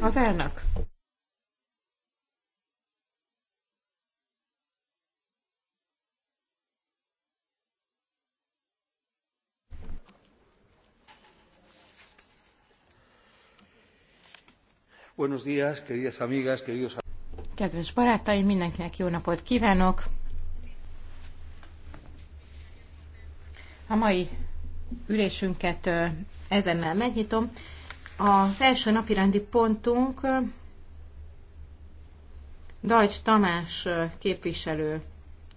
Az elnök. Buenos días, queridas amigas, queridos Kedves barátaim, mindenkinek jó napot kívánok! A mai ülésünket ezennel megnyitom. a első napirendi pontunk Dajcs Tamás képviselő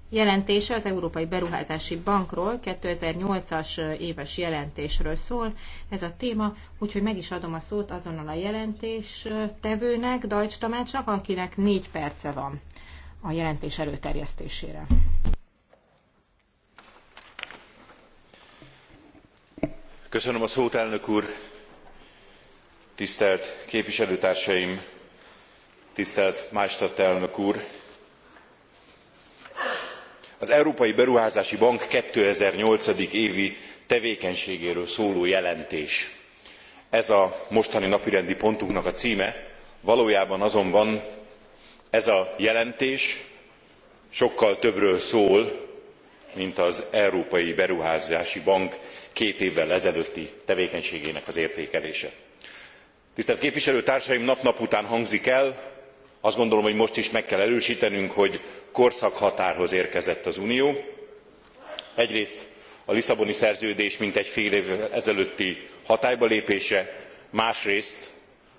jelentése az Európai Beruházási Bankról 2008-as éves jelentésről szól ez a téma, úgyhogy meg is adom a szót azonnal a jelentés tevőnek, Dajcs Tamásnak, akinek négy perce van a jelentés előterjesztésére. elnök úr tisztelt képviselőtársaim tisztelt maystadt elnök úr az európai beruházási bank two thousand and eight évi tevékenységéről szóló jelentés ez a mostani napirendi pontunknak a cme valójában azonban ez a jelentés sokkal többről szól mint az európai beruházási bank két évvel ezelőtti tevékenységének az értékelése. tisztelt képviselőtársaim nap nap után hangzik el azt gondolom hogy most is meg kell erőstenünk hogy korszakhatárhoz érkezett az unió egyrészt a lisszaboni szerződés mintegy fél évvel ezelőtti hatálybalépése másrészt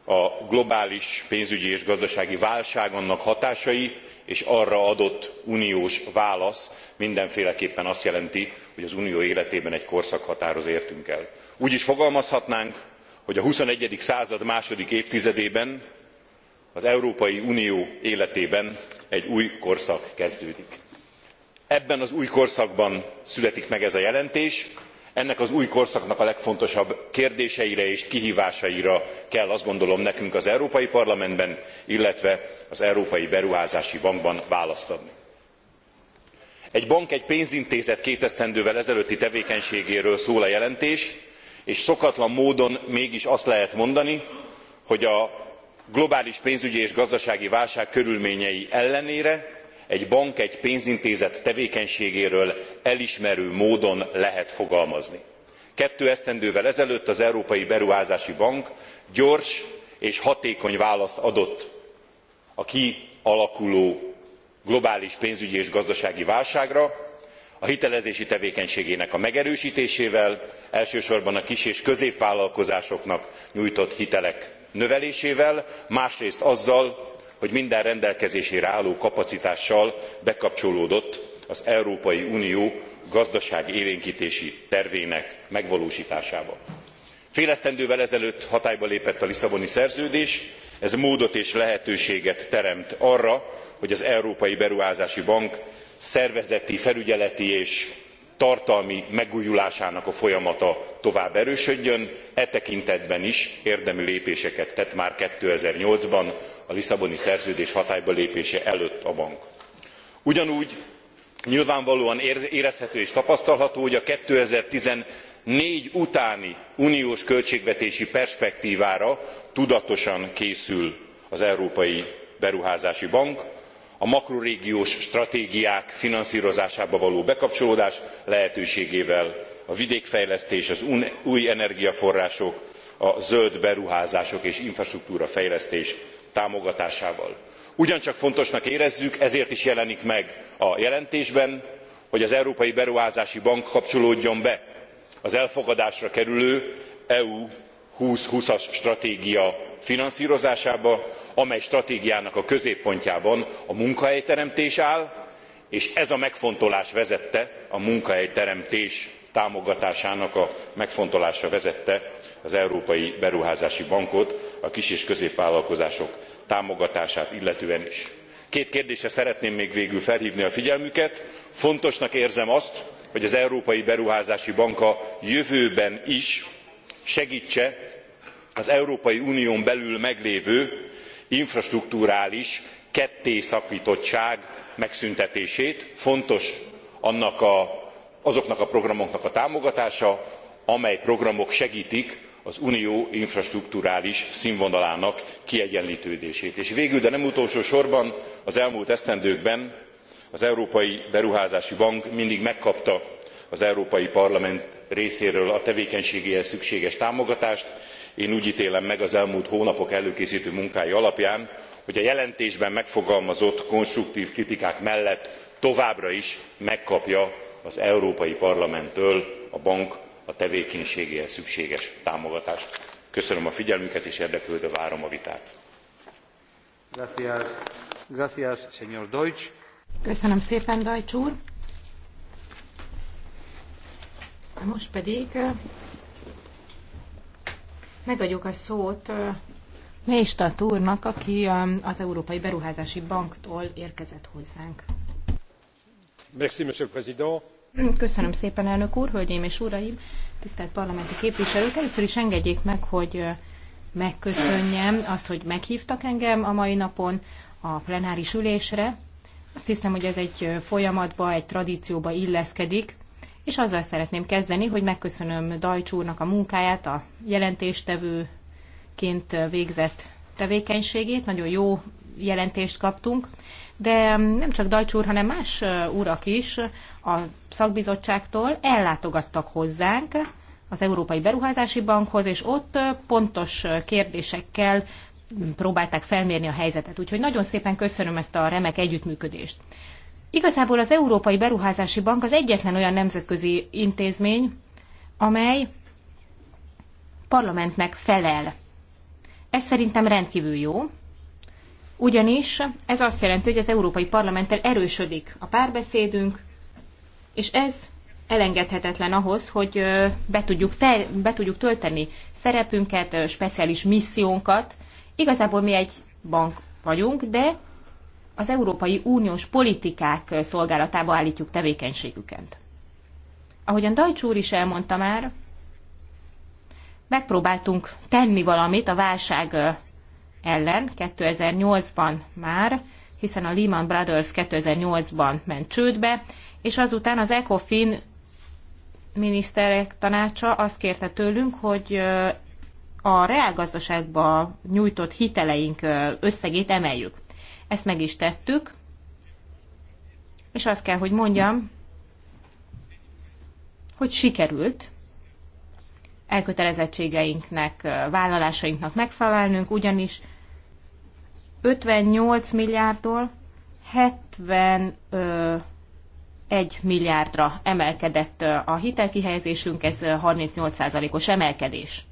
a globális pénzügyi és gazdasági válság annak hatásai és arra adott uniós válasz mindenféleképpen azt jelenti hogy az unió életében egy korszakhatárhoz értünk el. úgy is fogalmazhatnánk hogy a xxi. század második évtizedében az európai unió életében egy új korszak kezdődik. ebben az új korszakban születik meg ez a jelentés ennek az új korszaknak a legfontosabb kérdéseire és kihvásaira kell azt gondolom nekünk az európai parlamentben illetve az európai beruházási bankban választ adni. egy bank egy pénzintézet két esztendővel ezelőtti tevékenységéről szól a jelentés és szokatlan módon mégis azt lehet mondani hogy a globális pénzügyi és gazdasági válság körülményei ellenére egy bank egy pénzintézet tevékenységéről elismerő módon lehet fogalmazni. Kettő esztendővel ezelőtt az európai beruházási bank gyors és hatékony választ adott a kialakuló globális pénzügyi és gazdasági válságra a hitelezési tevékenységének a megerőstésével elsősorban a kis és középvállalkozásoknak nyújtott hitelek növelésével másrészt azzal hogy minden rendelkezésére álló kapacitással bekapcsolódott az európai unió gazdaságélénktési tervének megvalóstásába. fél esztendővel ezelőtt hatályba lépett a lisszaboni szerződés ez módot és lehetőséget teremt arra hogy az európai beruházási bank szervezeti felügyeleti és tartalmi megújulásának a folyamata tovább erősödjön e tekintetben is érdemi lépéseket tett már two thousand and eight ban a lisszaboni szerződés hatálybalépése előtt a bank. ugyanúgy nyilvánvalóan érezhető és tapasztalható hogy a two thousand and fourteen utáni uniós költségvetési perspektvára tudatosan készül az európai beruházási bank a makrorégiós stratégiák finanszrozásába való bekapcsolódás lehetőségével a vidékfejlesztés az új energiaforrások a zöld beruházások és infrastruktúrafejlesztés támogatásával. ugyancsak fontosnak érezzük ezért is jelenik meg a jelentésben hogy az európai beruházási bank kapcsolódjon be az elfogadásra kerülő eu thousand and twenty as stratégia finanszrozásába amely stratégiának a középpontjában a munkahelyteremtés áll és ez a megfontolás vezette a munkahelyteremtés támogatásának a megfontolása vezette az európai beruházási bankot a kis és középvállalkozások támogatását illetően is. két kérdésre szeretném még végül felhvni a figyelmüket fontosnak érzem azt hogy az európai beruházási bank a jövőben is segtse az európai unión belül meglévő infrastrukturális kettészaktottság megszüntetését fontos azoknak a programoknak a támogatása amely programok segtik az unió infrastrukturális sznvonalának kiegyenltődését. és végül de nem utolsó sorban az elmúlt esztendőkben az európai beruházási bank mindig megkapta az európai parlament részéről a tevékenységéhez szükséges támogatást. én úgy télem meg az elmúlt hónapok előkésztő munkái alapján hogy a jelentésben megfogalmazott konstruktv kritikák mellett továbbra is megkapja az európai parlamenttől a bank a tevékenységéhez szükséges támogatást. köszönöm a figyelmüket és érdeklődve várom a vitát. Köszönöm szépen, Deutsch úr! Most pedig megadjuk a szót Mésta Túrnak, aki az Európai Beruházási Banktól érkezett hozzánk. Merci, monsieur le président. Köszönöm szépen, elnök úr, hölgyeim és uraim, tisztelt parlamenti képviselők. Először is engedjék meg, hogy megköszönjem azt, hogy meghívtak engem a mai napon a plenáris ülésre. Azt hiszem, hogy ez egy folyamatba, egy tradícióba illeszkedik, és azzal szeretném kezdeni, hogy megköszönöm Dajcs úrnak a munkáját, a jelentéstevőként végzett tevékenységét, nagyon jó jelentést kaptunk, de mm, nem csak Dajcs úr, hanem más urak is a szakbizottságtól ellátogattak hozzánk az Európai Beruházási Bankhoz, és ott pontos kérdésekkel mm, próbálták felmérni a helyzetet. Úgyhogy nagyon szépen köszönöm ezt a remek együttműködést. Igazából az Európai Beruházási Bank az egyetlen olyan nemzetközi intézmény, amely parlamentnek felel. Ez szerintem rendkívül jó, ugyanis ez azt jelenti, hogy az Európai Parlamenttel erősödik a párbeszédünk, és ez elengedhetetlen ahhoz, hogy be tudjuk, ter- be tudjuk tölteni szerepünket, speciális missziónkat. Igazából mi egy bank vagyunk, de az Európai Uniós politikák szolgálatába állítjuk tevékenységüket. Ahogyan Dajcs úr is elmondta már, megpróbáltunk tenni valamit a válság ellen 2008-ban már, hiszen a Lehman Brothers 2008-ban ment csődbe, és azután az ECOFIN miniszterek tanácsa azt kérte tőlünk, hogy a reálgazdaságba nyújtott hiteleink összegét emeljük. Ezt meg is tettük, és azt kell, hogy mondjam, hogy sikerült elkötelezettségeinknek, vállalásainknak megfelelnünk, ugyanis 58 milliárdtól 71 milliárdra emelkedett a hitelkihelyezésünk, ez 38%-os emelkedés.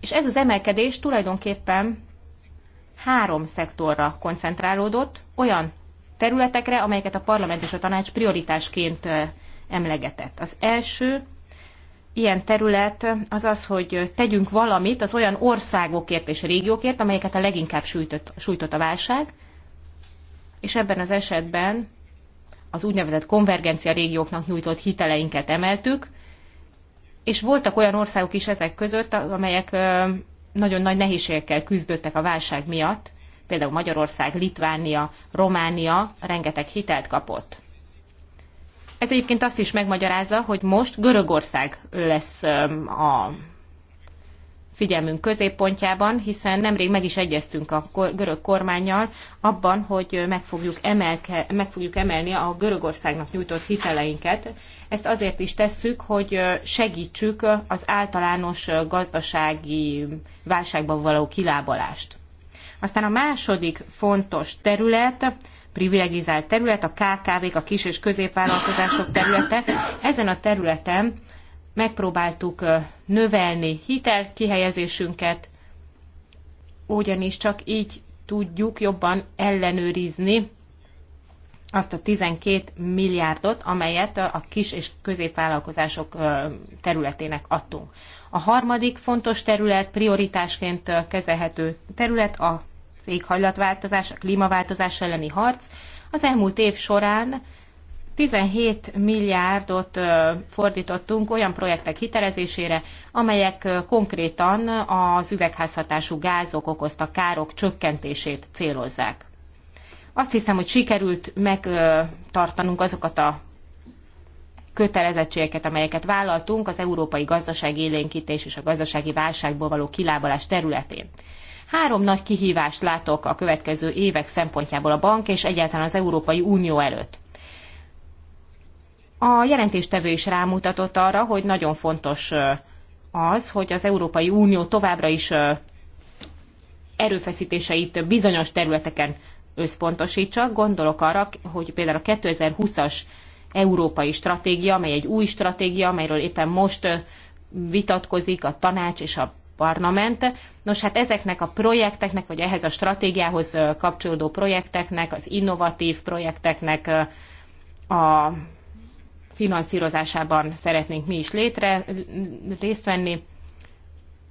És ez az emelkedés tulajdonképpen három szektorra koncentrálódott, olyan területekre, amelyeket a parlament és a tanács prioritásként emlegetett. Az első ilyen terület az az, hogy tegyünk valamit az olyan országokért és régiókért, amelyeket a leginkább sújtott, sújtott a válság, és ebben az esetben az úgynevezett konvergencia régióknak nyújtott hiteleinket emeltük, és voltak olyan országok is ezek között, amelyek nagyon nagy nehézségekkel küzdöttek a válság miatt, például Magyarország, Litvánia, Románia rengeteg hitelt kapott. Ez egyébként azt is megmagyarázza, hogy most Görögország lesz a figyelmünk középpontjában, hiszen nemrég meg is egyeztünk a görög kormányjal abban, hogy meg fogjuk, emelke, meg fogjuk emelni a Görögországnak nyújtott hiteleinket ezt azért is tesszük, hogy segítsük az általános gazdasági válságban való kilábalást. Aztán a második fontos terület, privilegizált terület, a KKV-k, a kis- és középvállalkozások területe. Ezen a területen megpróbáltuk növelni hitelkihelyezésünket, ugyanis csak így tudjuk jobban ellenőrizni azt a 12 milliárdot, amelyet a kis és középvállalkozások területének adtunk. A harmadik fontos terület, prioritásként kezelhető terület a éghajlatváltozás, a klímaváltozás elleni harc. Az elmúlt év során 17 milliárdot fordítottunk olyan projektek hitelezésére, amelyek konkrétan az üvegházhatású gázok okozta károk csökkentését célozzák. Azt hiszem, hogy sikerült megtartanunk azokat a kötelezettségeket, amelyeket vállaltunk az európai gazdaság élénkítés és a gazdasági válságból való kilábalás területén. Három nagy kihívást látok a következő évek szempontjából a bank és egyáltalán az Európai Unió előtt. A jelentéstevő is rámutatott arra, hogy nagyon fontos az, hogy az Európai Unió továbbra is erőfeszítéseit bizonyos területeken összpontosítsak. Gondolok arra, hogy például a 2020-as európai stratégia, amely egy új stratégia, amelyről éppen most vitatkozik a tanács és a parlament. Nos, hát ezeknek a projekteknek, vagy ehhez a stratégiához kapcsolódó projekteknek, az innovatív projekteknek a finanszírozásában szeretnénk mi is létre, részt venni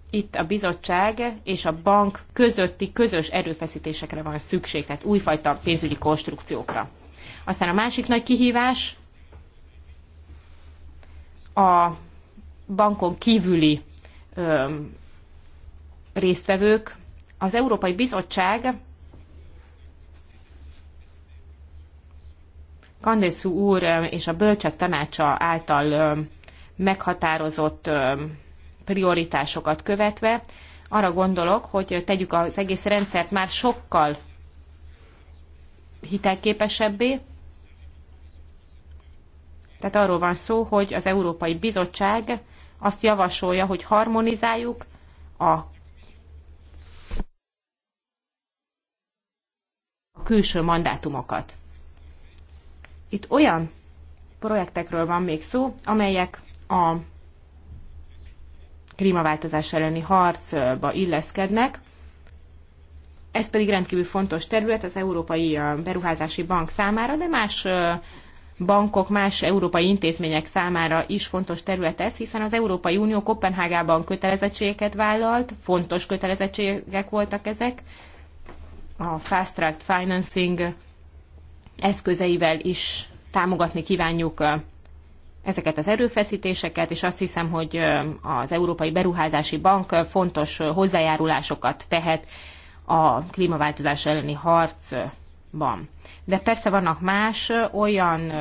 itt a bizottság és a bank közötti közös erőfeszítésekre van szükség, tehát újfajta pénzügyi konstrukciókra. Aztán a másik nagy kihívás a bankon kívüli ö, résztvevők. Az Európai Bizottság Kandeszú úr és a Bölcsek Tanácsa által ö, meghatározott ö, prioritásokat követve. Arra gondolok, hogy tegyük az egész rendszert már sokkal hitelképesebbé. Tehát arról van szó, hogy az Európai Bizottság azt javasolja, hogy harmonizáljuk a külső mandátumokat. Itt olyan projektekről van még szó, amelyek a klímaváltozás elleni harcba illeszkednek. Ez pedig rendkívül fontos terület az Európai Beruházási Bank számára, de más bankok, más európai intézmények számára is fontos terület ez, hiszen az Európai Unió Kopenhágában kötelezettségeket vállalt, fontos kötelezettségek voltak ezek, a Fast Track Financing eszközeivel is támogatni kívánjuk ezeket az erőfeszítéseket, és azt hiszem, hogy az Európai Beruházási Bank fontos hozzájárulásokat tehet a klímaváltozás elleni harcban. De persze vannak más olyan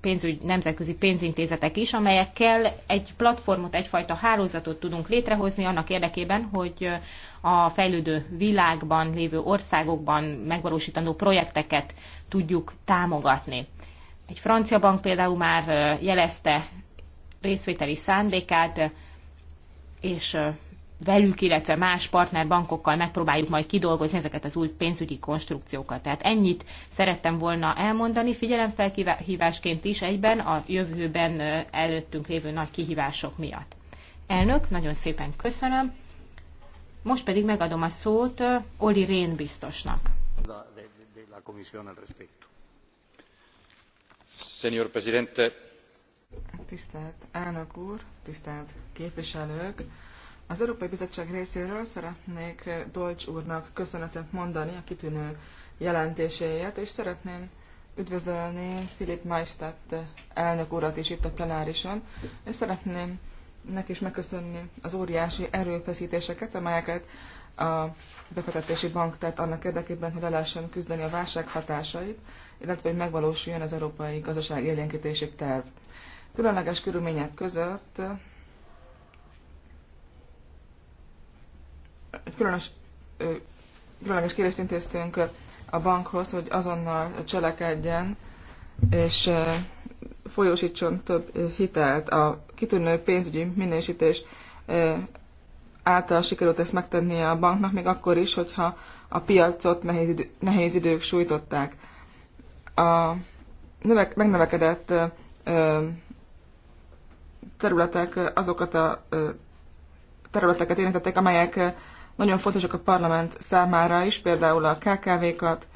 pénzügy, nemzetközi pénzintézetek is, amelyekkel egy platformot, egyfajta hálózatot tudunk létrehozni annak érdekében, hogy a fejlődő világban lévő országokban megvalósítandó projekteket tudjuk támogatni. Egy francia bank például már jelezte részvételi szándékát, és velük, illetve más partnerbankokkal megpróbáljuk majd kidolgozni ezeket az új pénzügyi konstrukciókat. Tehát ennyit szerettem volna elmondani figyelemfelhívásként is egyben a jövőben előttünk lévő nagy kihívások miatt. Elnök, nagyon szépen köszönöm. Most pedig megadom a szót Oli Rén biztosnak. La, de, de, de la Señor Presidente. Tisztelt elnök úr, tisztelt képviselők! Az Európai Bizottság részéről szeretnék Dolcs úrnak köszönetet mondani a kitűnő jelentéséért, és szeretném üdvözölni Filip Maistat elnök urat is itt a plenárison, és szeretném neki is megköszönni az óriási erőfeszítéseket, amelyeket a befektetési bank tett annak érdekében, hogy le lehessen küzdeni a válság hatásait, illetve hogy megvalósuljon az európai gazdaság élénkítési terv. Különleges körülmények között különös, különleges kérést intéztünk a bankhoz, hogy azonnal cselekedjen, és folyósítson több hitelt. A kitűnő pénzügyi minősítés által sikerült ezt megtennie a banknak, még akkor is, hogyha a piacot nehéz, idő, nehéz idők sújtották a növek, megnövekedett területek azokat a területeket érintették, amelyek nagyon fontosak a parlament számára is, például a KKV-kat,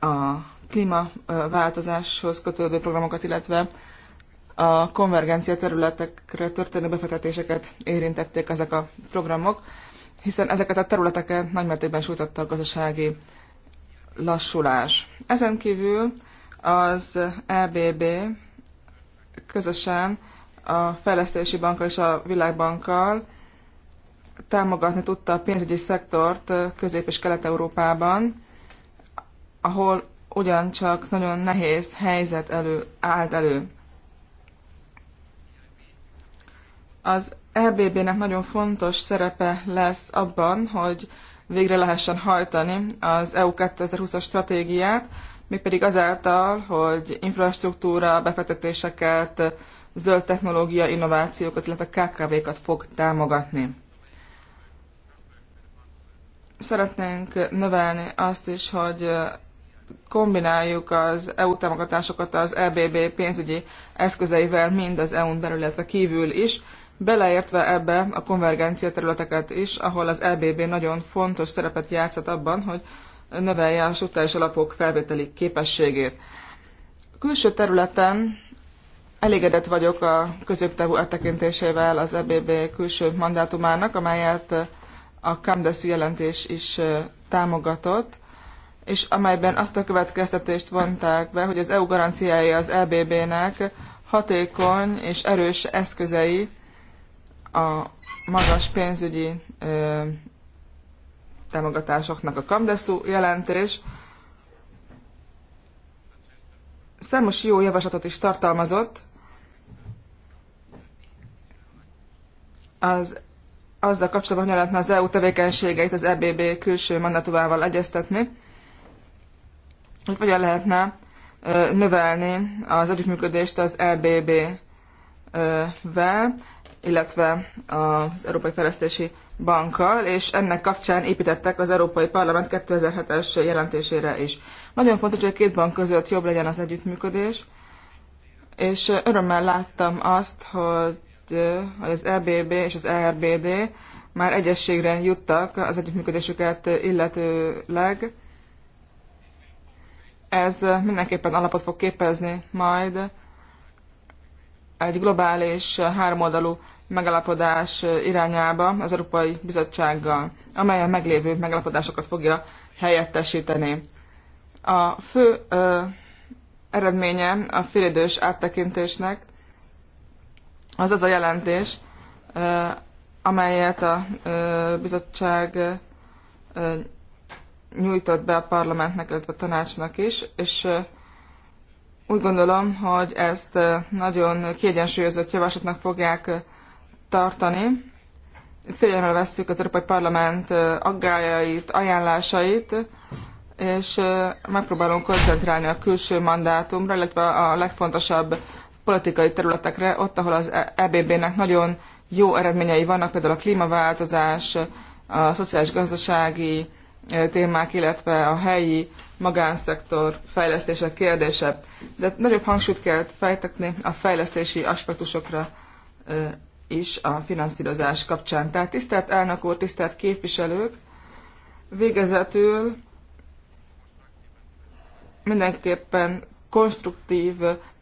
a klímaváltozáshoz kötődő programokat, illetve a konvergencia területekre történő befektetéseket érintették ezek a programok, hiszen ezeket a területeket nagymértékben sújtotta a gazdasági lassulás. Ezen kívül az EBB közösen a Fejlesztési Bankkal és a Világbankkal támogatni tudta a pénzügyi szektort Közép- és Kelet-Európában, ahol ugyancsak nagyon nehéz helyzet elő, állt elő. Az EBB-nek nagyon fontos szerepe lesz abban, hogy végre lehessen hajtani az EU 2020-as stratégiát, mégpedig azáltal, hogy infrastruktúra, befektetéseket, zöld technológia, innovációkat, illetve KKV-kat fog támogatni. Szeretnénk növelni azt is, hogy kombináljuk az EU támogatásokat az EBB pénzügyi eszközeivel, mind az EU-n belül, illetve kívül is, beleértve ebbe a konvergencia területeket is, ahol az EBB nagyon fontos szerepet játszott abban, hogy növelje a struktúrális alapok felvételi képességét. külső területen elégedett vagyok a középtávú áttekintésével az EBB külső mandátumának, amelyet a Kamdeszi jelentés is támogatott, és amelyben azt a következtetést vonták be, hogy az EU garanciája az EBB-nek hatékony és erős eszközei a magas pénzügyi ö, támogatásoknak a Kamdeszú jelentés számos jó javaslatot is tartalmazott, az azzal kapcsolatban, hogy lehetne az EU tevékenységeit az EBB külső mandátumával egyeztetni, hogy hogyan lehetne növelni az együttműködést az EBB-vel illetve az Európai Fejlesztési Bankkal, és ennek kapcsán építettek az Európai Parlament 2007-es jelentésére is. Nagyon fontos, hogy a két bank között jobb legyen az együttműködés, és örömmel láttam azt, hogy hogy az EBB és az ERBD már egyességre juttak az együttműködésüket illetőleg. Ez mindenképpen alapot fog képezni majd egy globális háromoldalú megalapodás irányába az Európai Bizottsággal, amely a meglévő megalapodásokat fogja helyettesíteni. A fő ö, eredménye a félidős áttekintésnek az az a jelentés, ö, amelyet a ö, bizottság ö, nyújtott be a parlamentnek, illetve a tanácsnak is, és ö, úgy gondolom, hogy ezt nagyon kiegyensúlyozott javaslatnak fogják tartani. Itt figyelemmel vesszük az Európai Parlament aggájait, ajánlásait, és megpróbálunk koncentrálni a külső mandátumra, illetve a legfontosabb politikai területekre, ott, ahol az EBB-nek nagyon jó eredményei vannak, például a klímaváltozás, a szociális-gazdasági témák, illetve a helyi magánszektor fejlesztése kérdése. De nagyobb hangsúlyt kell fejtetni a fejlesztési aspektusokra is a finanszírozás kapcsán. Tehát tisztelt elnök úr, tisztelt képviselők, végezetül mindenképpen konstruktív,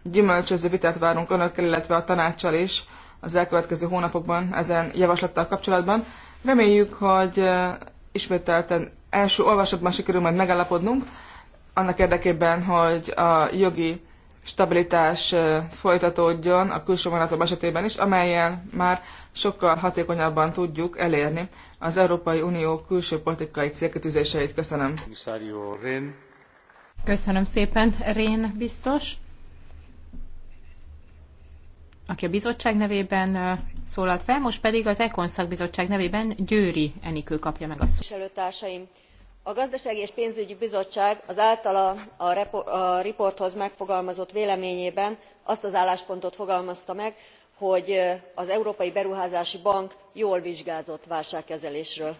gyümölcsöző vitát várunk önökkel, illetve a tanácssal is az elkövetkező hónapokban ezen javaslattal kapcsolatban. Reméljük, hogy eh, ismételten első olvasatban sikerül majd megállapodnunk, annak érdekében, hogy a jogi stabilitás folytatódjon a külső vonatok esetében is, amelyel már sokkal hatékonyabban tudjuk elérni az Európai Unió külső politikai célkitűzéseit. Köszönöm. Köszönöm szépen, Rén biztos, aki a bizottság nevében szólalt fel, most pedig az Ekon szakbizottság nevében Győri Enikő kapja meg a szót a gazdasági és pénzügyi bizottság az általa a riporthoz megfogalmazott véleményében azt az álláspontot fogalmazta meg hogy az európai beruházási bank jól vizsgázott válságkezelésről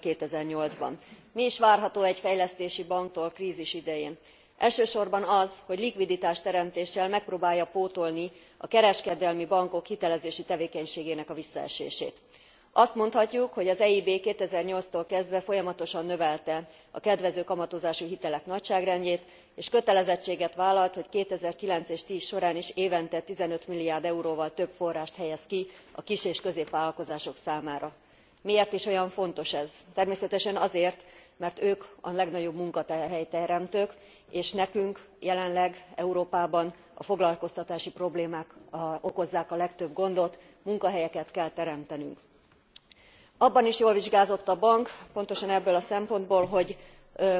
two thousand and eight ban. mi is várható egy fejlesztési banktól krzis idején? elsősorban az hogy likviditásteremtéssel megpróbálja pótolni a kereskedelmi bankok hitelezési tevékenységének a visszaesését azt mondhatjuk hogy az eib two thousand and eight tól kezdve folyamatosan növelte a kedvező kamatozású hitelek nagyságrendjét és kötelezettséget vállalt hogy two thousand and nine és two thousand and ten során is évente fifteen milliárd euróval több forrást helyez ki a kis és középvállalkozások számára. miért is olyan fontos ez? természetesen azért mert ők a legnagyobb munkahelyteremtők és nekünk jelenleg európában a foglalkoztatási problémák okozzák a legtöbb gondot munkahelyeket kell teremtenünk abban is jól vizsgázott a bank pontosan ebből a szempontból hogy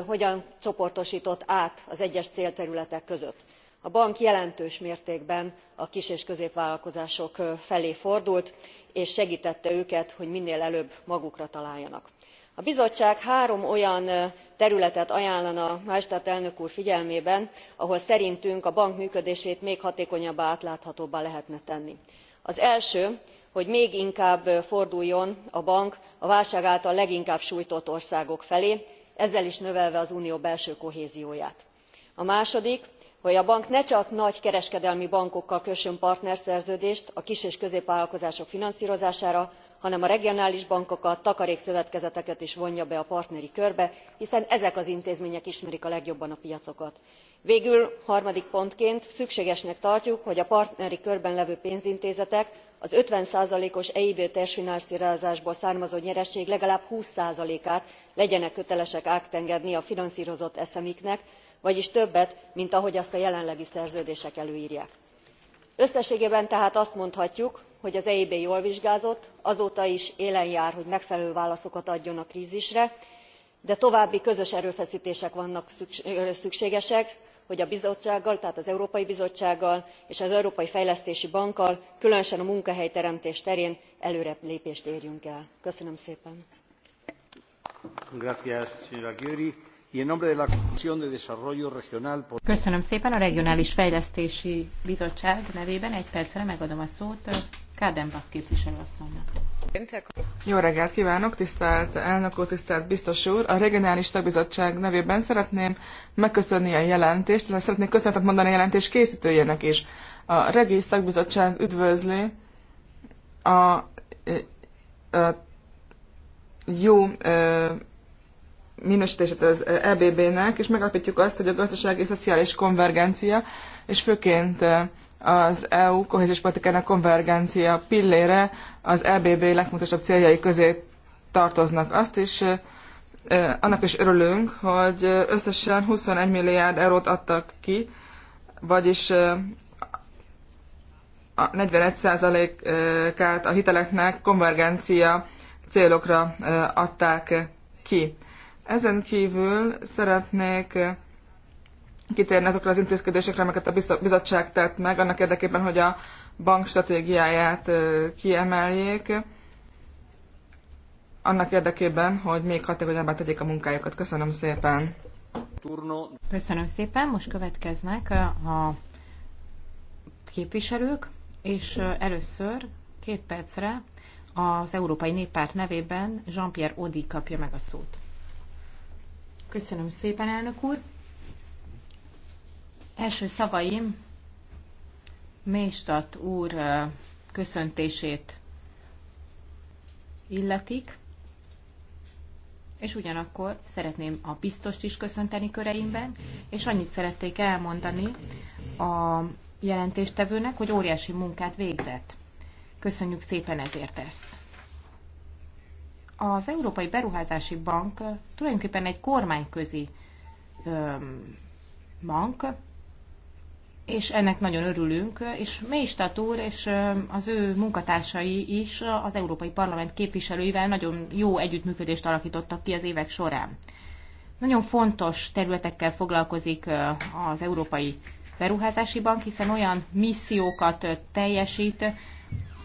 hogyan csoportostott át az egyes célterületek között. a bank jelentős mértékben a kis és középvállalkozások felé fordult és segtette őket hogy minél előbb magukra találjanak. a bizottság három olyan területet ajánlana maystadt elnök úr figyelmébe ahol szerintünk a bank működését még hatékonyabbá átláthatóbbá lehetne tenni. az első hogy még inkább forduljon a bank a válság által leginkább sújtott országok felé ezzel is növelve az unió belső kohézióját. a második hogy a bank ne csak nagy kereskedelmi bankokkal kössön partnerszerződést a kis és középvállalkozások finanszrozására hanem a regionális bankokat takarékszövetkezeteket is vonja be a partneri körbe hiszen ezek az intézmények ismerik a legjobban a piacokat. végül harmadik pontként szükségesnek tartjuk hogy a partneri körben levő pénzintézetek az fifty os eib társfinanszrozásból származó nyereség legalább twenty át legyenek kötelesek átengedni a finanszrozott smi knek vagyis többet mint ahogy azt a jelenlegi szerződések előrják. összességében tehát azt mondhatjuk hogy az eib jól vizsgázott azóta is élen jár hogy megfelelő válaszokat adjon a krzisre de további közös erőfesztések vannak szükségesek hogy a bizottsággal tehát az európai bizottsággal és az európai fejlesztési bankkal különösen a munkahelyteremtés terén előrelépést érjünk el. köszönöm szépen! Köszönöm szépen a Regionális Fejlesztési Bizottság nevében. Egy percre megadom a szót képviselő asszonynak. Jó reggelt kívánok, tisztelt elnök úr, tisztelt biztos úr! A Regionális Tagbizottság nevében szeretném megköszönni a jelentést, illetve szeretnék köszönetet mondani a jelentés készítőjének is. A Regi Szakbizottság üdvözli a, e, a, jó a, e, minősítését az EBB-nek, és megalapítjuk azt, hogy a gazdasági és szociális konvergencia, és főként az EU kohéziós politikának konvergencia pillére az EBB legfontosabb céljai közé tartoznak. Azt is, annak is örülünk, hogy összesen 21 milliárd eurót adtak ki, vagyis a 41%-át a hiteleknek konvergencia célokra adták ki. Ezen kívül szeretnék kitérni azokra az intézkedésekre, amiket a bizottság tett meg, annak érdekében, hogy a bank stratégiáját kiemeljék, annak érdekében, hogy még hatékonyabbá tegyék a munkájukat. Köszönöm szépen! Köszönöm szépen, most következnek a képviselők, és először két percre az Európai Néppárt nevében Jean-Pierre Odi kapja meg a szót. Köszönöm szépen, elnök úr! Első szavaim Méstat úr köszöntését illetik, és ugyanakkor szeretném a biztost is köszönteni köreimben, és annyit szerették elmondani a jelentéstevőnek, hogy óriási munkát végzett. Köszönjük szépen ezért ezt. Az Európai Beruházási Bank tulajdonképpen egy kormányközi bank, és ennek nagyon örülünk, és Meistat úr és az ő munkatársai is az Európai Parlament képviselőivel nagyon jó együttműködést alakítottak ki az évek során. Nagyon fontos területekkel foglalkozik az Európai Beruházási Bank, hiszen olyan missziókat teljesít,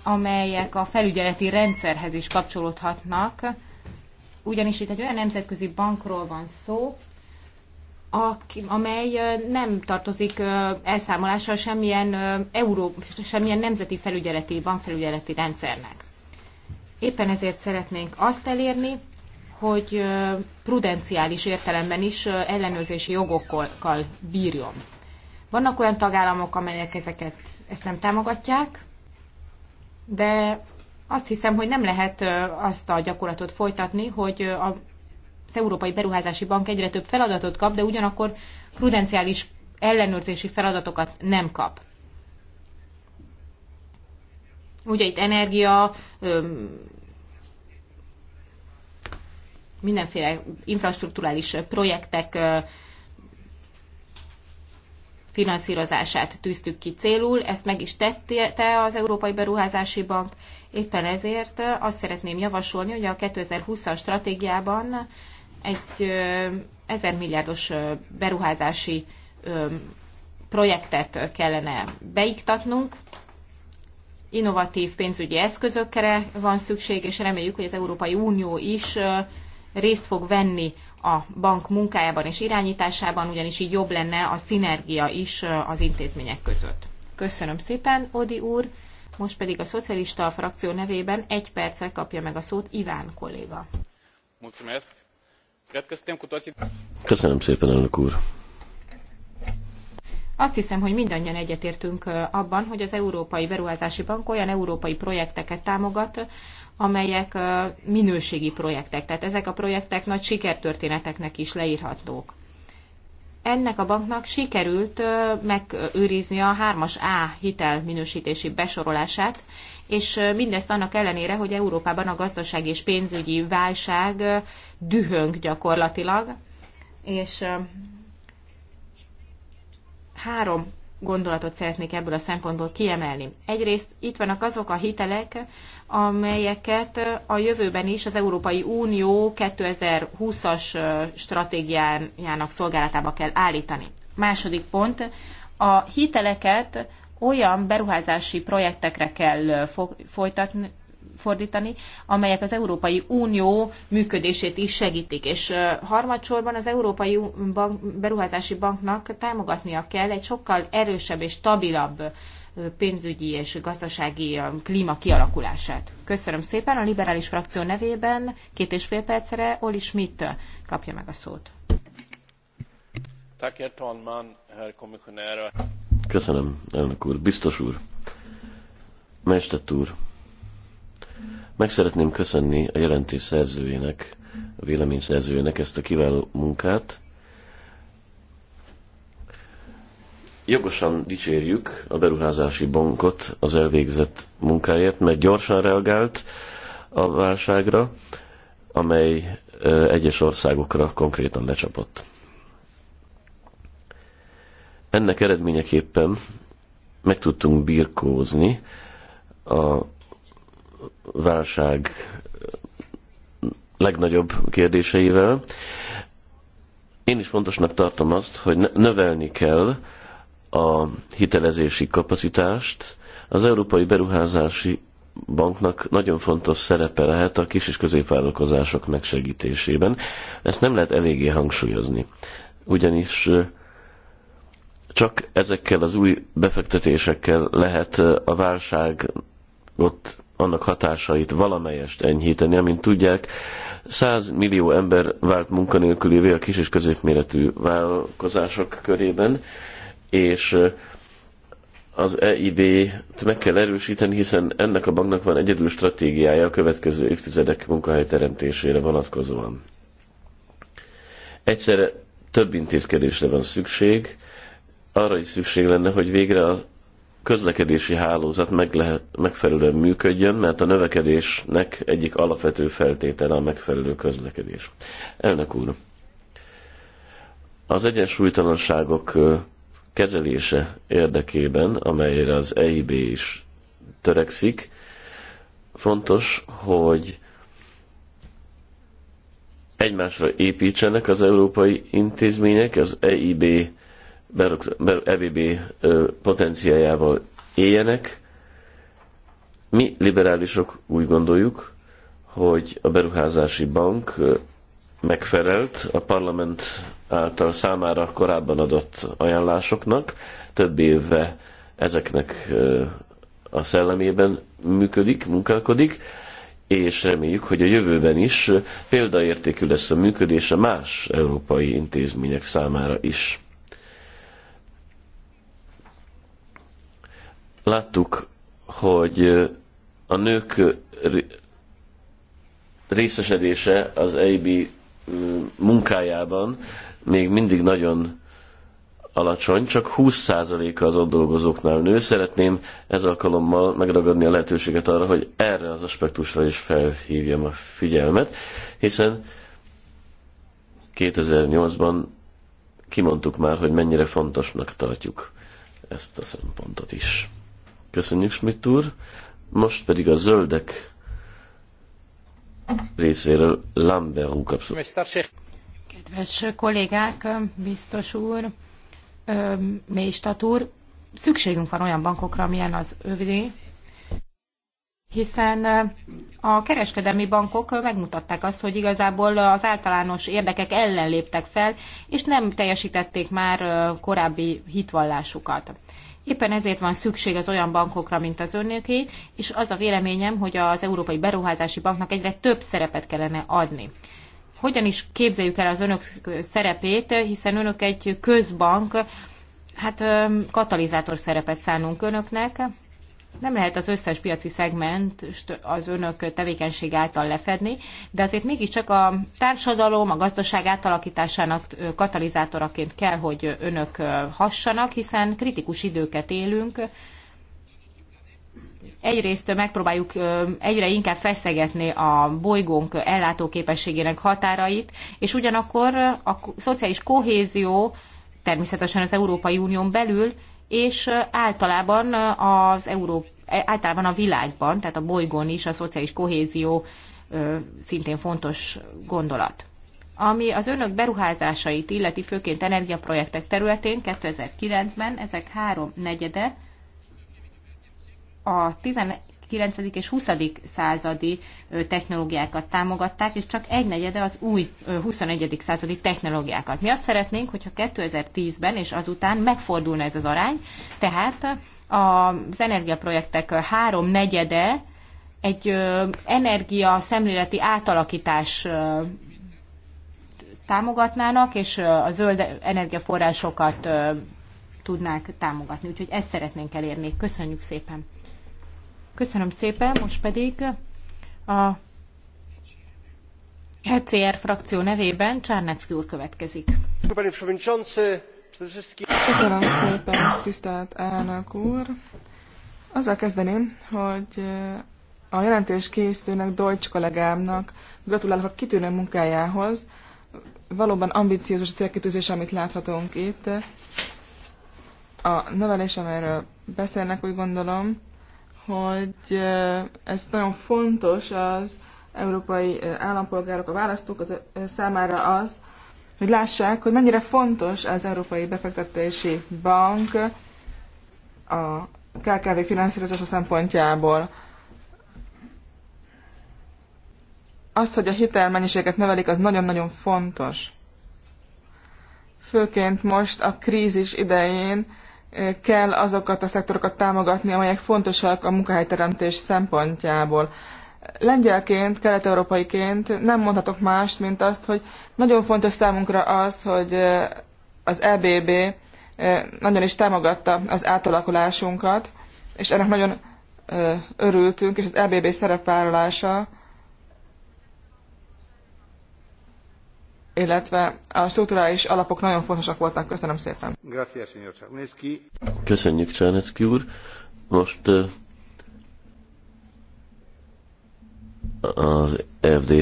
amelyek a felügyeleti rendszerhez is kapcsolódhatnak, ugyanis itt egy olyan nemzetközi bankról van szó, amely nem tartozik elszámolással semmilyen, euró, semmilyen nemzeti felügyeleti, bankfelügyeleti rendszernek. Éppen ezért szeretnénk azt elérni, hogy prudenciális értelemben is ellenőrzési jogokkal bírjon. Vannak olyan tagállamok, amelyek ezeket ezt nem támogatják, de azt hiszem, hogy nem lehet azt a gyakorlatot folytatni, hogy a Európai Beruházási Bank egyre több feladatot kap, de ugyanakkor prudenciális ellenőrzési feladatokat nem kap. Ugye itt energia, mindenféle infrastruktúrális projektek finanszírozását tűztük ki célul, ezt meg is tette az Európai Beruházási Bank. Éppen ezért azt szeretném javasolni, hogy a 2020-as stratégiában egy ezer milliárdos beruházási projektet kellene beiktatnunk, innovatív pénzügyi eszközökre van szükség, és reméljük, hogy az Európai Unió is részt fog venni a bank munkájában és irányításában, ugyanis így jobb lenne a szinergia is az intézmények között. Köszönöm szépen, Odi úr! Most pedig a szocialista frakció nevében egy perccel kapja meg a szót Iván kolléga. Mulțumesc. Köszönöm szépen, elnök úr. Azt hiszem, hogy mindannyian egyetértünk abban, hogy az Európai Beruházási Bank olyan európai projekteket támogat, amelyek minőségi projektek. Tehát ezek a projektek nagy sikertörténeteknek is leírhatók. Ennek a banknak sikerült megőrizni a 3-as A hitel minősítési besorolását, és mindezt annak ellenére, hogy Európában a gazdasági és pénzügyi válság dühöng gyakorlatilag, és három gondolatot szeretnék ebből a szempontból kiemelni. Egyrészt itt vannak azok a hitelek, amelyeket a jövőben is az Európai Unió 2020-as stratégiájának szolgálatába kell állítani. Második pont, a hiteleket olyan beruházási projektekre kell folytatni, fordítani, amelyek az Európai Unió működését is segítik. És harmadsorban az Európai Bank, Beruházási Banknak támogatnia kell egy sokkal erősebb és stabilabb pénzügyi és gazdasági klíma kialakulását. Köszönöm szépen. A liberális frakció nevében két és fél percre Oli Schmidt kapja meg a szót. Köszönöm, elnök úr. Biztos úr. Mestett úr. Meg szeretném köszönni a jelentés szerzőjének, a vélemény szerzőjének ezt a kiváló munkát. Jogosan dicsérjük a beruházási bankot az elvégzett munkáért, mert gyorsan reagált a válságra, amely egyes országokra konkrétan lecsapott. Ennek eredményeképpen meg tudtunk birkózni a válság legnagyobb kérdéseivel. Én is fontosnak tartom azt, hogy növelni kell a hitelezési kapacitást. Az Európai Beruházási Banknak nagyon fontos szerepe lehet a kis és középvállalkozások megsegítésében. Ezt nem lehet eléggé hangsúlyozni, ugyanis csak ezekkel az új befektetésekkel lehet a ott annak hatásait valamelyest enyhíteni. Amint tudják, 100 millió ember vált munkanélkülévé a kis és középméretű vállalkozások körében, és az EIB-t meg kell erősíteni, hiszen ennek a banknak van egyedül stratégiája a következő évtizedek munkahely teremtésére vonatkozóan. Egyszerre több intézkedésre van szükség, arra is szükség lenne, hogy végre a közlekedési hálózat meg lehet, megfelelően működjön, mert a növekedésnek egyik alapvető feltétele a megfelelő közlekedés. Elnök úr, az egyensúlytalanságok kezelése érdekében, amelyre az EIB is törekszik, fontos, hogy egymásra építsenek az európai intézmények, az EIB EBB e potenciájával éljenek. Mi liberálisok úgy gondoljuk, hogy a beruházási bank megfelelt a parlament által számára korábban adott ajánlásoknak, több évve ezeknek a szellemében működik, munkálkodik, és reméljük, hogy a jövőben is példaértékű lesz a működése más európai intézmények számára is. Láttuk, hogy a nők részesedése az EIB munkájában még mindig nagyon alacsony, csak 20%-a az ott dolgozóknál nő. Szeretném ez alkalommal megragadni a lehetőséget arra, hogy erre az aspektusra is felhívjam a figyelmet, hiszen 2008-ban kimondtuk már, hogy mennyire fontosnak tartjuk ezt a szempontot is. Köszönjük, Schmidt úr. Most pedig a zöldek részéről Lambert úr kapszol. Kedves kollégák, biztos úr, Mélystat úr, szükségünk van olyan bankokra, milyen az övé, hiszen a kereskedelmi bankok megmutatták azt, hogy igazából az általános érdekek ellen léptek fel, és nem teljesítették már korábbi hitvallásukat. Éppen ezért van szükség az olyan bankokra, mint az önöké, és az a véleményem, hogy az Európai Beruházási Banknak egyre több szerepet kellene adni. Hogyan is képzeljük el az önök szerepét, hiszen önök egy közbank, hát katalizátor szerepet szánunk önöknek, nem lehet az összes piaci szegment az önök tevékenység által lefedni, de azért mégiscsak a társadalom, a gazdaság átalakításának katalizátoraként kell, hogy önök hassanak, hiszen kritikus időket élünk. Egyrészt megpróbáljuk egyre inkább feszegetni a bolygónk ellátóképességének határait, és ugyanakkor a szociális kohézió természetesen az Európai Unión belül és általában az Európa általában a világban, tehát a bolygón is a szociális kohézió szintén fontos gondolat. Ami az önök beruházásait illeti, főként energiaprojektek területén 2009-ben ezek három negyede a 9. és 20. századi technológiákat támogatták, és csak egy negyede az új 21. századi technológiákat. Mi azt szeretnénk, hogyha 2010-ben és azután megfordulna ez az arány, tehát az energiaprojektek három negyede egy energia szemléleti átalakítás támogatnának, és a zöld energiaforrásokat tudnák támogatni. Úgyhogy ezt szeretnénk elérni. Köszönjük szépen! Köszönöm szépen, most pedig a HCR e frakció nevében Csárnecki úr következik. Köszönöm szépen, tisztelt elnök úr! Azzal kezdeném, hogy eh, a jelentés készítőnek, Deutsch kollégámnak gratulálok a kitűnő munkájához. Valóban ambiciózus a célkitűzés, amit láthatunk itt. A növelés, amelyről beszélnek, úgy gondolom, hogy ez nagyon fontos az európai állampolgárok, a választók az, számára az, hogy lássák, hogy mennyire fontos az Európai Befektetési Bank a KKV finanszírozása szempontjából. Az, hogy a hitelmennyiséget növelik, az nagyon-nagyon fontos. Főként most a krízis idején, kell azokat a szektorokat támogatni, amelyek fontosak a munkahelyteremtés szempontjából. Lengyelként, kelet-európaiként nem mondhatok mást, mint azt, hogy nagyon fontos számunkra az, hogy az EBB nagyon is támogatta az átalakulásunkat, és ennek nagyon örültünk, és az EBB szerepvállalása illetve a strukturális alapok nagyon fontosak voltak. Köszönöm szépen. Köszönjük, Csáneszki úr. Most az FD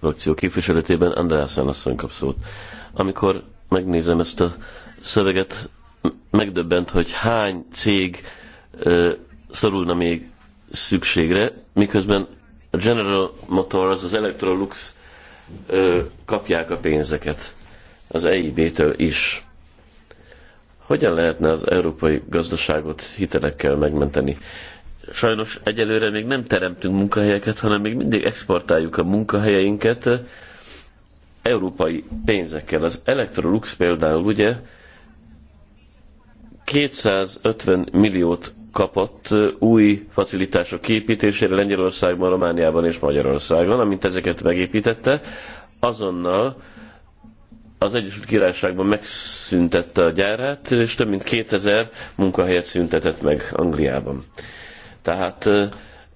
frakció képviseletében Andrászán asszony kap szót. Amikor megnézem ezt a szöveget, megdöbbent, hogy hány cég szorulna még szükségre, miközben a General Motors, az Electrolux kapják a pénzeket az EIB-től is. Hogyan lehetne az európai gazdaságot hitelekkel megmenteni? Sajnos egyelőre még nem teremtünk munkahelyeket, hanem még mindig exportáljuk a munkahelyeinket európai pénzekkel. Az Electrolux például ugye 250 milliót kapott új facilitások képítésére Lengyelországban, Romániában és Magyarországon, amint ezeket megépítette, azonnal az Egyesült Királyságban megszüntette a gyárát, és több mint 2000 munkahelyet szüntetett meg Angliában. Tehát e,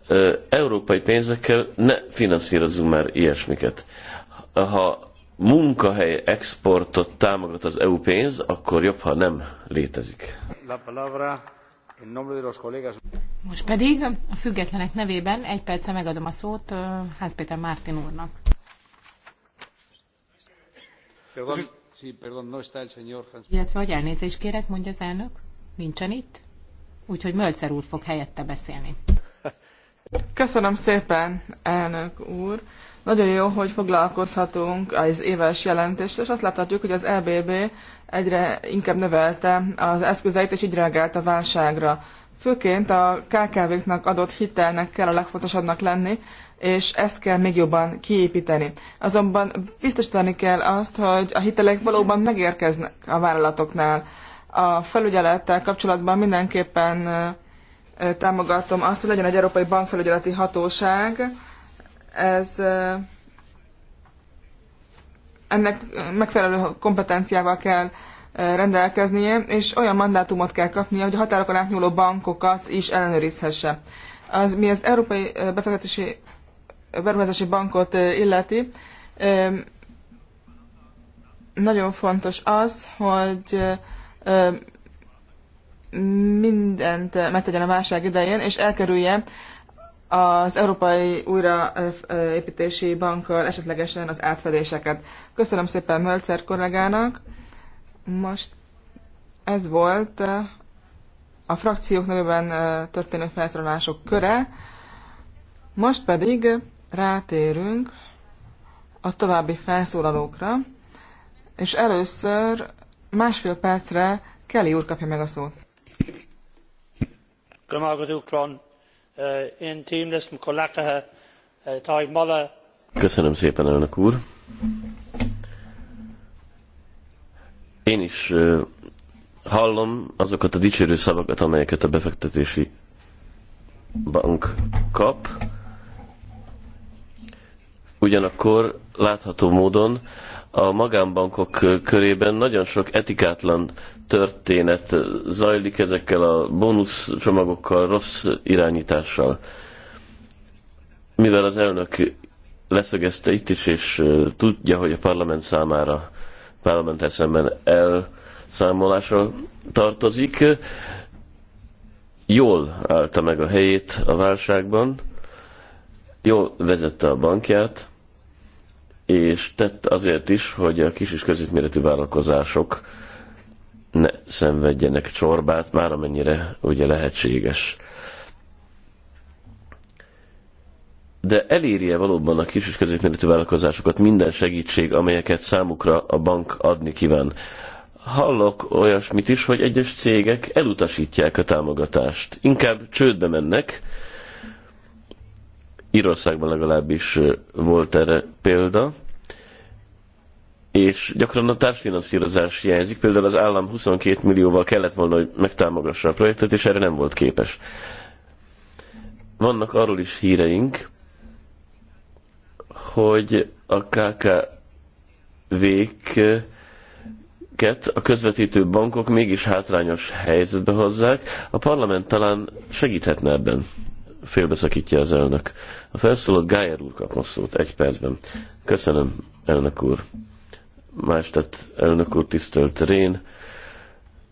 e, európai pénzekkel ne finanszírozunk már ilyesmiket. Ha munkahely exportot támogat az EU pénz, akkor jobb, ha nem létezik. Most pedig a függetlenek nevében egy perce megadom a szót Péter Mártin úrnak. Perdón, sí, perdón, no está el señor Hans. Illetve, hogy elnézést kérek, mondja az elnök, nincsen itt, úgyhogy Mölcer úr fog helyette beszélni. Köszönöm szépen, elnök úr. Nagyon jó, hogy foglalkozhatunk az éves jelentést, és azt láthatjuk, hogy az EBB egyre inkább növelte az eszközeit, és így reagált a válságra. Főként a KKV-knak adott hitelnek kell a legfontosabbnak lenni, és ezt kell még jobban kiépíteni. Azonban biztosítani kell azt, hogy a hitelek valóban megérkeznek a vállalatoknál. A felügyelettel kapcsolatban mindenképpen támogatom azt, hogy legyen egy Európai Bankfelügyeleti Hatóság. Ez ennek megfelelő kompetenciával kell rendelkeznie, és olyan mandátumot kell kapnia, hogy a határokon átnyúló bankokat is ellenőrizhesse. Az, mi az Európai Befektetési Beruházási Bankot illeti, nagyon fontos az, hogy mindent megtegyen a válság idején, és elkerülje az Európai Újraépítési Bankkal esetlegesen az átfedéseket. Köszönöm szépen Mölcer kollégának. Most ez volt a frakciók nevében történő felszólalások köre. Most pedig rátérünk a további felszólalókra, és először másfél percre Kelly úr kapja meg a szót go magad ucrán én tím lesz mikor lekehe tajg mala. Köszönöm szépen, elnök úr. Én is uh, hallom azokat a dicsérő szavakat, amelyeket a befektetési bank kap. Ugyanakkor látható módon a magánbankok körében nagyon sok etikátlan történet zajlik ezekkel a bónusz csomagokkal, rossz irányítással. Mivel az elnök leszögezte itt is, és tudja, hogy a parlament számára, parlament szemben elszámolásra tartozik, jól állta meg a helyét a válságban, jól vezette a bankját, és tett azért is, hogy a kis és középméretű vállalkozások ne szenvedjenek csorbát, már amennyire ugye lehetséges. De elérje valóban a kis és középméretű vállalkozásokat minden segítség, amelyeket számukra a bank adni kíván. Hallok olyasmit is, hogy egyes cégek elutasítják a támogatást. Inkább csődbe mennek, Írországban legalábbis volt erre példa, és gyakran a társfinanszírozás hiányzik, például az állam 22 millióval kellett volna, hogy megtámogassa a projektet, és erre nem volt képes. Vannak arról is híreink, hogy a KKV-ket a közvetítő bankok mégis hátrányos helyzetbe hozzák. A parlament talán segíthetne ebben félbeszakítja az elnök. A felszólott Gájer úr kap szót egy percben. Köszönöm, elnök úr. Más tett elnök úr, tisztelt Rén,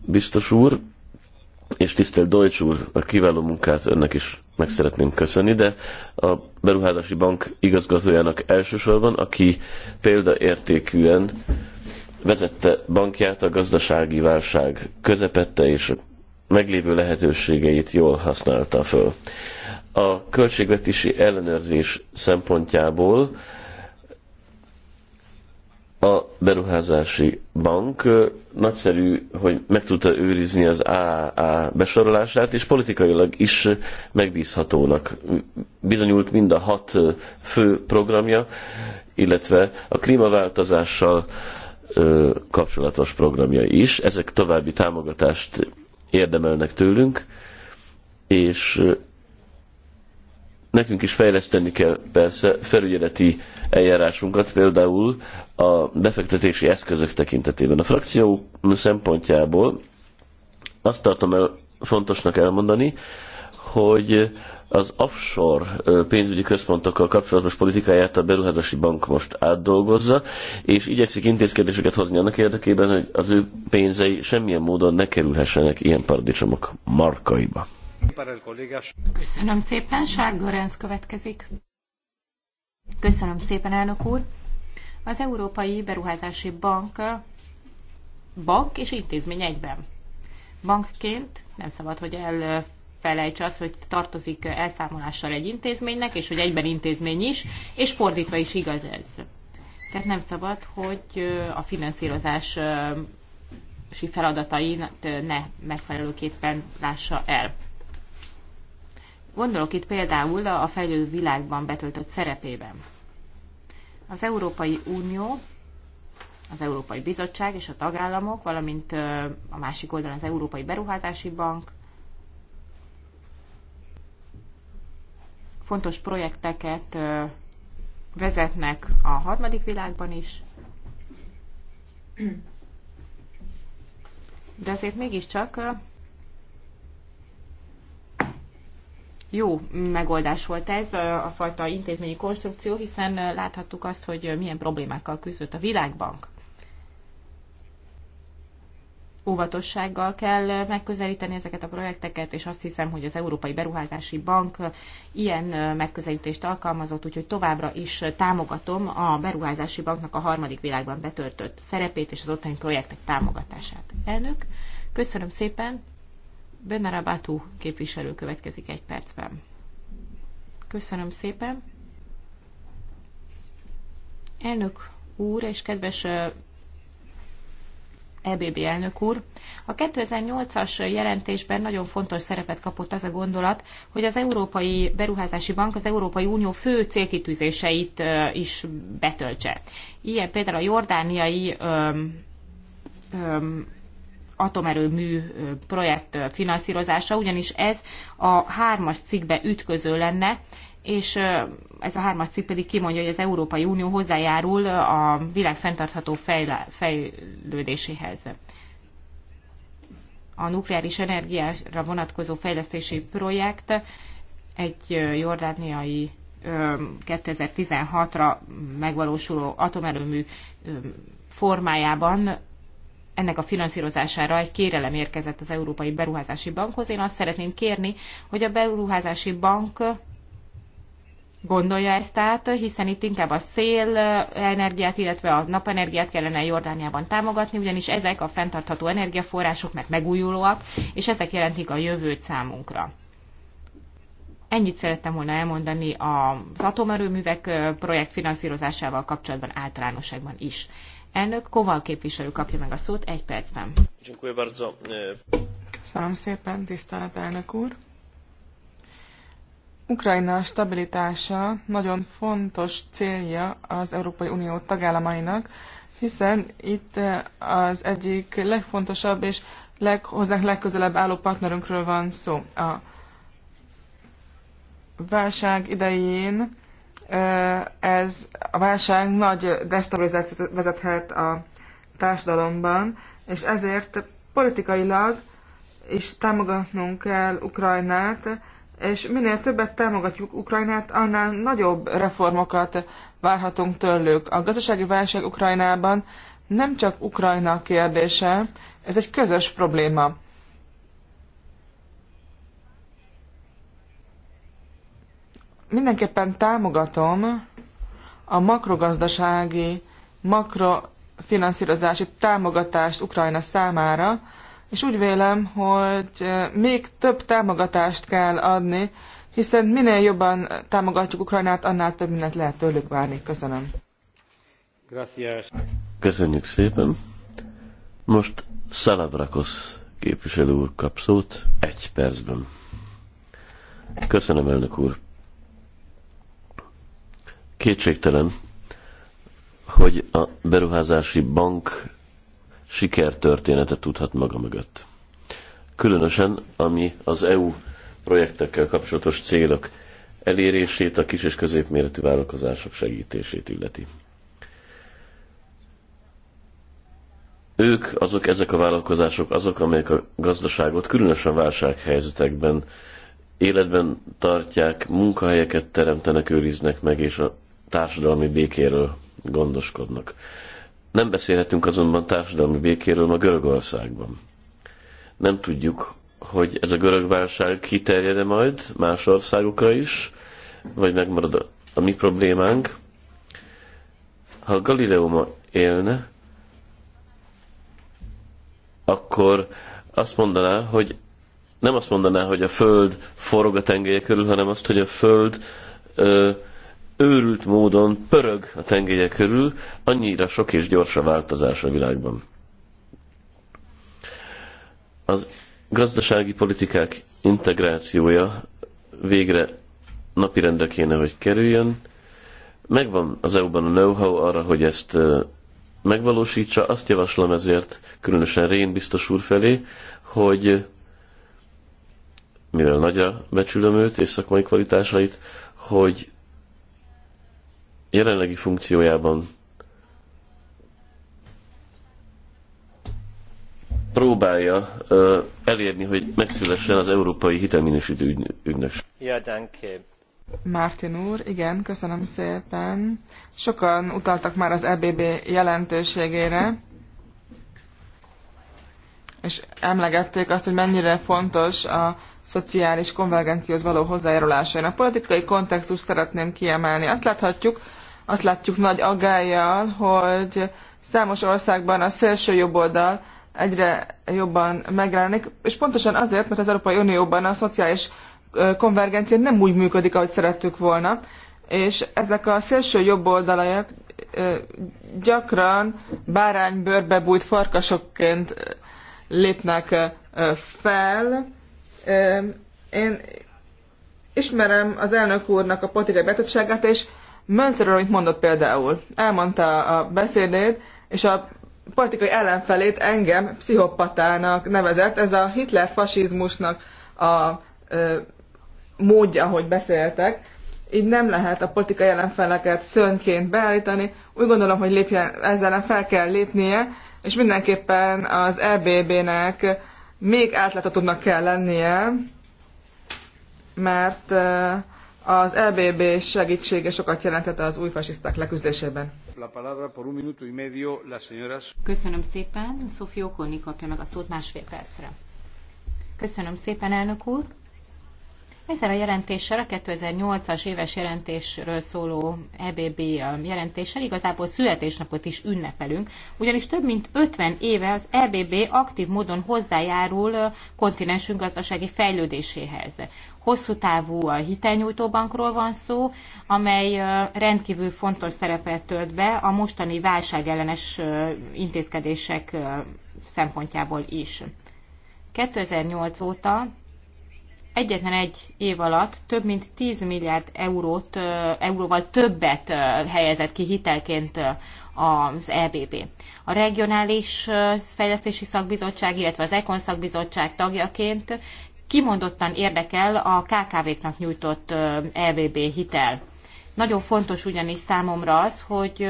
biztos úr, és tisztelt Deutsch úr, a kiváló munkát önnek is meg szeretném köszönni, de a Beruházási Bank igazgatójának elsősorban, aki példaértékűen vezette bankját a gazdasági válság közepette, és meglévő lehetőségeit jól használta föl a költségvetési ellenőrzés szempontjából a beruházási bank nagyszerű, hogy meg tudta őrizni az AA besorolását, és politikailag is megbízhatónak bizonyult mind a hat fő programja, illetve a klímaváltozással kapcsolatos programja is. Ezek további támogatást érdemelnek tőlünk, és Nekünk is fejleszteni kell persze felügyeleti eljárásunkat, például a befektetési eszközök tekintetében. A frakció szempontjából azt tartom el, fontosnak elmondani, hogy az offshore pénzügyi központokkal kapcsolatos politikáját a beruházási bank most átdolgozza, és igyekszik intézkedéseket hozni annak érdekében, hogy az ő pénzei semmilyen módon ne kerülhessenek ilyen paradicsomok markaiba. Köszönöm szépen, Sárga Renz következik. Köszönöm szépen, elnök úr. Az Európai Beruházási Bank bank és intézmény egyben. Bankként nem szabad, hogy el az, hogy tartozik elszámolással egy intézménynek, és hogy egyben intézmény is, és fordítva is igaz ez. Tehát nem szabad, hogy a finanszírozás feladatain ne megfelelőképpen lássa el. Gondolok itt például a fejlődő világban betöltött szerepében. Az Európai Unió, az Európai Bizottság és a tagállamok, valamint a másik oldalon az Európai Beruházási Bank fontos projekteket vezetnek a harmadik világban is, de azért mégiscsak jó megoldás volt ez a fajta intézményi konstrukció, hiszen láthattuk azt, hogy milyen problémákkal küzdött a világbank. Óvatossággal kell megközelíteni ezeket a projekteket, és azt hiszem, hogy az Európai Beruházási Bank ilyen megközelítést alkalmazott, úgyhogy továbbra is támogatom a Beruházási Banknak a harmadik világban betöltött szerepét és az ottani projektek támogatását. Elnök, köszönöm szépen! Batu képviselő következik egy percben. Köszönöm szépen. Elnök úr és kedves EBB elnök úr. A 2008-as jelentésben nagyon fontos szerepet kapott az a gondolat, hogy az Európai Beruházási Bank az Európai Unió fő célkitűzéseit is betöltse. Ilyen például a jordániai öm, öm, atomerőmű projekt finanszírozása, ugyanis ez a hármas cikkbe ütköző lenne, és ez a hármas cikk pedig kimondja, hogy az Európai Unió hozzájárul a világ fenntartható fejlődéséhez. A nukleáris energiára vonatkozó fejlesztési projekt egy jordániai 2016-ra megvalósuló atomerőmű formájában ennek a finanszírozására egy kérelem érkezett az Európai Beruházási Bankhoz. Én azt szeretném kérni, hogy a Beruházási Bank gondolja ezt át, hiszen itt inkább a szél energiát, illetve a napenergiát kellene Jordániában támogatni, ugyanis ezek a fenntartható energiaforrások, meg megújulóak, és ezek jelentik a jövőt számunkra. Ennyit szerettem volna elmondani az atomerőművek projekt finanszírozásával kapcsolatban általánosságban is. Elnök Koval képviselő kapja meg a szót egy percben. Köszönöm szépen, tisztelt elnök úr! Ukrajna stabilitása nagyon fontos célja az Európai Unió tagállamainak, hiszen itt az egyik legfontosabb és leg, hozzánk legközelebb álló partnerünkről van szó. A válság idején ez a válság nagy destabilizációt vezethet a társadalomban, és ezért politikailag is támogatnunk kell Ukrajnát, és minél többet támogatjuk Ukrajnát, annál nagyobb reformokat várhatunk tőlük. A gazdasági válság Ukrajnában nem csak Ukrajna kérdése, ez egy közös probléma. mindenképpen támogatom a makrogazdasági, makrofinanszírozási támogatást Ukrajna számára, és úgy vélem, hogy eh, még több támogatást kell adni, hiszen minél jobban támogatjuk Ukrajnát, annál több mindent lehet tőlük várni. Köszönöm. Gracias. Köszönjük szépen. Most Szalabrakosz képviselő úr kap szót egy percben. Köszönöm, elnök úr. Kétségtelen, hogy a beruházási bank sikertörténete tudhat maga mögött. Különösen, ami az EU projektekkel kapcsolatos célok elérését, a kis és középméretű vállalkozások segítését illeti. Ők, azok, ezek a vállalkozások, azok, amelyek a gazdaságot különösen válsághelyzetekben életben tartják, munkahelyeket teremtenek, őriznek meg, és a társadalmi békéről gondoskodnak. Nem beszélhetünk azonban társadalmi békéről a Görögországban. Nem tudjuk, hogy ez a görög válság kiterjed-e majd más országokra is, vagy megmarad a, a mi problémánk. Ha Galileo ma élne, akkor azt mondaná, hogy nem azt mondaná, hogy a Föld forog a tengelye körül, hanem azt, hogy a Föld ö, őrült módon pörög a tengelye körül, annyira sok és gyors a változás a világban. Az gazdasági politikák integrációja végre napirendre kéne, hogy kerüljön. Megvan az EU-ban a know-how arra, hogy ezt megvalósítsa. Azt javaslom ezért, különösen Rén biztos úr felé, hogy mivel nagyra becsülöm őt és szakmai kvalitásait, hogy jelenlegi funkciójában próbálja ö, elérni, hogy megszülessen az Európai Hitelminősítő ügy, Ügynökség. Ja, danke. Martin úr, igen, köszönöm szépen. Sokan utaltak már az EBB jelentőségére, és emlegették azt, hogy mennyire fontos a szociális konvergencióhoz való hozzájárulása. Én a politikai kontextust szeretném kiemelni. Azt láthatjuk, azt látjuk nagy aggájjal, hogy számos országban a szélső jobboldal egyre jobban megjelenik, és pontosan azért, mert az Európai Unióban a szociális konvergencia nem úgy működik, ahogy szerettük volna, és ezek a szélső jobboldalak gyakran báránybőrbe bújt farkasokként lépnek fel. Én ismerem az elnök úrnak a politikai betegségét, és Mönszerről, amit mondott például, elmondta a beszédét, és a politikai ellenfelét engem pszichopatának nevezett. Ez a Hitler fasizmusnak a ö, módja, hogy beszéltek. Így nem lehet a politikai ellenfeleket szönként beállítani. Úgy gondolom, hogy lépjen, ezzel fel kell lépnie, és mindenképpen az EBB-nek még átláthatóbbnak kell lennie, mert ö, az EBB segítsége sokat jelentett az új fasiszták leküzdésében. Köszönöm szépen. Szofi Okolni kapja meg a szót másfél percre. Köszönöm szépen, elnök úr. Ezzel a jelentéssel, a 2008-as éves jelentésről szóló EBB um, jelentéssel igazából születésnapot is ünnepelünk, ugyanis több mint 50 éve az EBB aktív módon hozzájárul uh, kontinensünk gazdasági fejlődéséhez hosszú távú hitelnyújtó bankról van szó, amely rendkívül fontos szerepet tölt be a mostani válságellenes intézkedések szempontjából is. 2008 óta egyetlen egy év alatt több mint 10 milliárd eurót, euróval többet helyezett ki hitelként az EBB. A regionális fejlesztési szakbizottság, illetve az EKON szakbizottság tagjaként kimondottan érdekel a KKV-knak nyújtott EBB hitel. Nagyon fontos ugyanis számomra az, hogy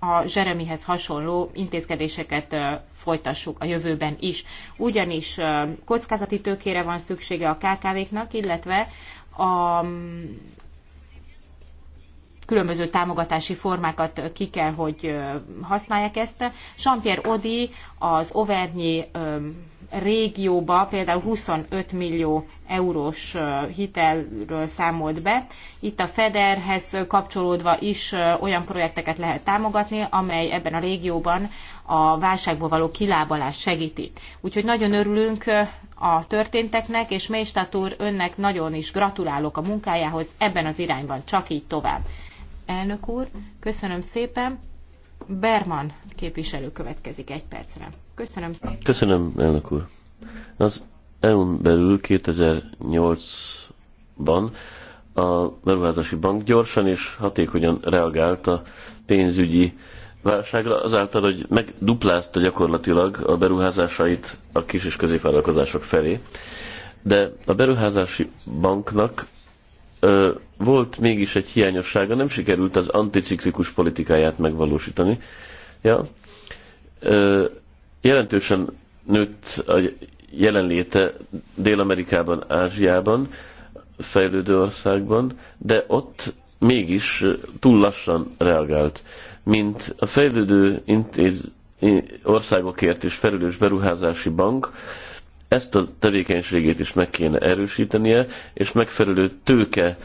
a Zseremihez hasonló intézkedéseket folytassuk a jövőben is. Ugyanis kockázati tőkére van szüksége a KKV-knak, illetve a mm, különböző támogatási formákat ki kell, hogy használják ezt. Jean-Pierre Odi, az Overnyi régióba például 25 millió eurós hitelről számolt be. Itt a Federhez kapcsolódva is olyan projekteket lehet támogatni, amely ebben a régióban a válságból való kilábalást segíti. Úgyhogy nagyon örülünk a történteknek, és Mélystat úr, önnek nagyon is gratulálok a munkájához ebben az irányban, csak így tovább. Elnök úr, köszönöm szépen. Berman képviselő következik egy percre. Köszönöm szépen. Köszönöm, elnök úr. Az EU-n belül 2008-ban a beruházási bank gyorsan és hatékonyan reagált a pénzügyi válságra, azáltal, hogy megduplázta gyakorlatilag a beruházásait a kis és középvállalkozások felé. De a beruházási banknak ö, volt mégis egy hiányossága, nem sikerült az anticiklikus politikáját megvalósítani. Ja. Ö, Jelentősen nőtt a jelenléte Dél-Amerikában, Ázsiában, fejlődő országban, de ott mégis túl lassan reagált. Mint a fejlődő intéz, országokért és felelős beruházási bank, ezt a tevékenységét is meg kéne erősítenie, és megfelelő tőke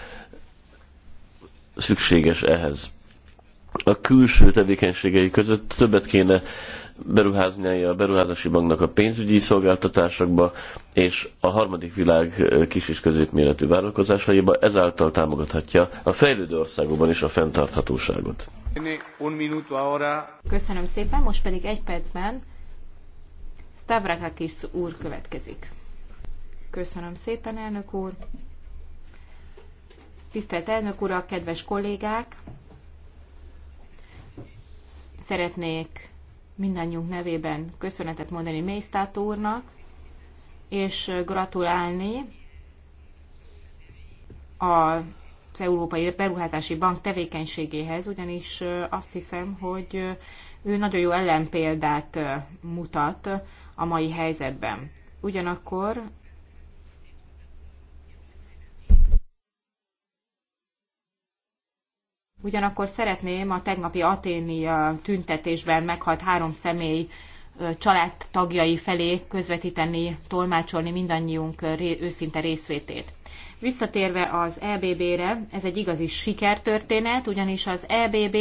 szükséges ehhez. A külső tevékenységei között többet kéne beruházni a beruházási banknak a pénzügyi szolgáltatásokba és a harmadik világ kis és középméretű vállalkozásaiba, ezáltal támogathatja a fejlődő országokban is a fenntarthatóságot. Köszönöm szépen, most pedig egy percben Stavrakakis úr következik. Köszönöm szépen, elnök úr. Tisztelt elnök a kedves kollégák! Szeretnék mindannyiunk nevében köszönetet mondani Mésztát úrnak, és gratulálni az Európai Beruházási Bank tevékenységéhez, ugyanis azt hiszem, hogy ő nagyon jó ellenpéldát mutat a mai helyzetben. Ugyanakkor Ugyanakkor szeretném a tegnapi aténi tüntetésben meghalt három személy családtagjai felé közvetíteni, tolmácsolni mindannyiunk őszinte részvétét. Visszatérve az EBB-re, ez egy igazi sikertörténet, ugyanis az EBB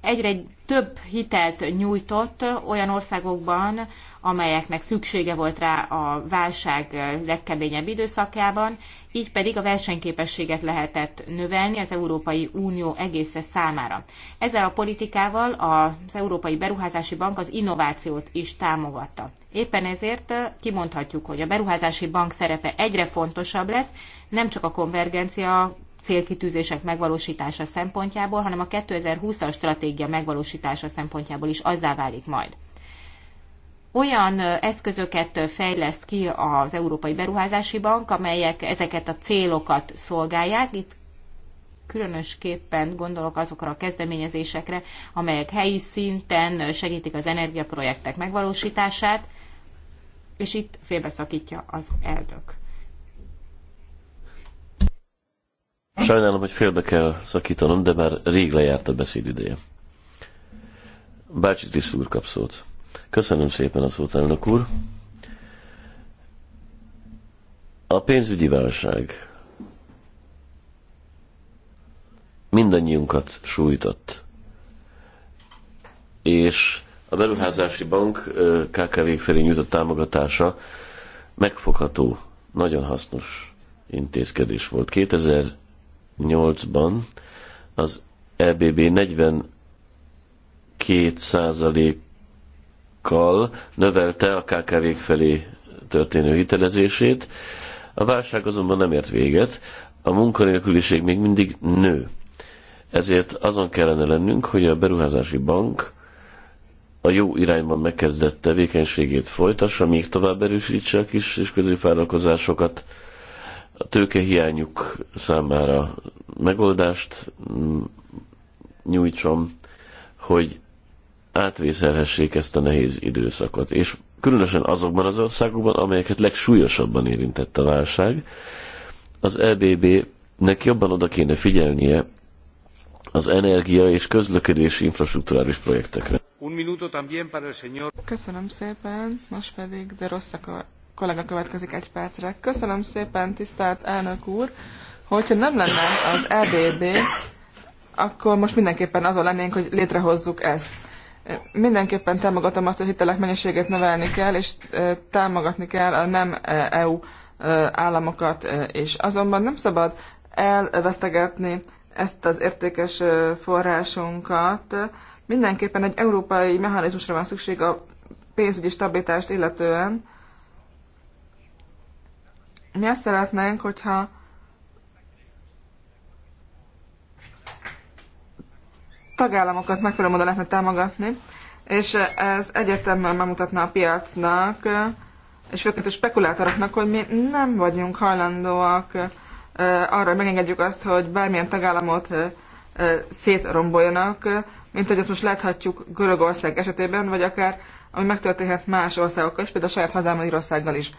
egyre több hitelt nyújtott olyan országokban, amelyeknek szüksége volt rá a válság legkeményebb időszakában, így pedig a versenyképességet lehetett növelni az Európai Unió egésze számára. Ezzel a politikával az Európai Beruházási Bank az innovációt is támogatta. Éppen ezért kimondhatjuk, hogy a Beruházási Bank szerepe egyre fontosabb lesz, nem csak a konvergencia célkitűzések megvalósítása szempontjából, hanem a 2020-as stratégia megvalósítása szempontjából is azzá válik majd olyan eszközöket fejleszt ki az Európai Beruházási Bank, amelyek ezeket a célokat szolgálják. Itt különösképpen gondolok azokra a kezdeményezésekre, amelyek helyi szinten segítik az energiaprojektek megvalósítását, és itt félbeszakítja az eldök. Sajnálom, hogy félbe kell szakítanom, de már rég lejárt a beszéd ideje. Bácsi Tisz úr kap szót. Köszönöm szépen a szót, elnök úr. A pénzügyi válság mindannyiunkat sújtott. És a beruházási bank KKV felé nyújtott támogatása megfogható, nagyon hasznos intézkedés volt. 2008-ban az EBB 42 kal növelte a kkv felé történő hitelezését. A válság azonban nem ért véget, a munkanélküliség még mindig nő. Ezért azon kellene lennünk, hogy a beruházási bank a jó irányban megkezdett tevékenységét folytassa, még tovább erősítse a kis és középvállalkozásokat, a tőkehiányuk számára megoldást mm, nyújtson, hogy átvészelhessék ezt a nehéz időszakot. És különösen azokban az országokban, amelyeket legsúlyosabban érintett a válság, az EBB-nek jobban oda kéne figyelnie az energia és közlekedési infrastruktúrális projektekre. Köszönöm szépen, most pedig de rossz a kollega következik egy percre. Köszönöm szépen, tisztelt elnök úr, hogyha nem lenne az EBB, akkor most mindenképpen azon lennénk, hogy létrehozzuk ezt. Mindenképpen támogatom azt, hogy hitelek mennyiségét növelni kell, és támogatni kell a nem EU államokat is. Azonban nem szabad elvesztegetni ezt az értékes forrásunkat. Mindenképpen egy európai mechanizmusra van szükség a pénzügyi stabilitást illetően. Mi azt szeretnénk, hogyha tagállamokat megfelelő módon lehetne támogatni, és ez egyértelműen megmutatná a piacnak, és főként a spekulátoroknak, hogy mi nem vagyunk hajlandóak arra, hogy megengedjük azt, hogy bármilyen tagállamot szétromboljanak, mint hogy ezt most láthatjuk Görögország esetében, vagy akár ami megtörténhet más országokkal is, például a saját hazámmal Írországgal is.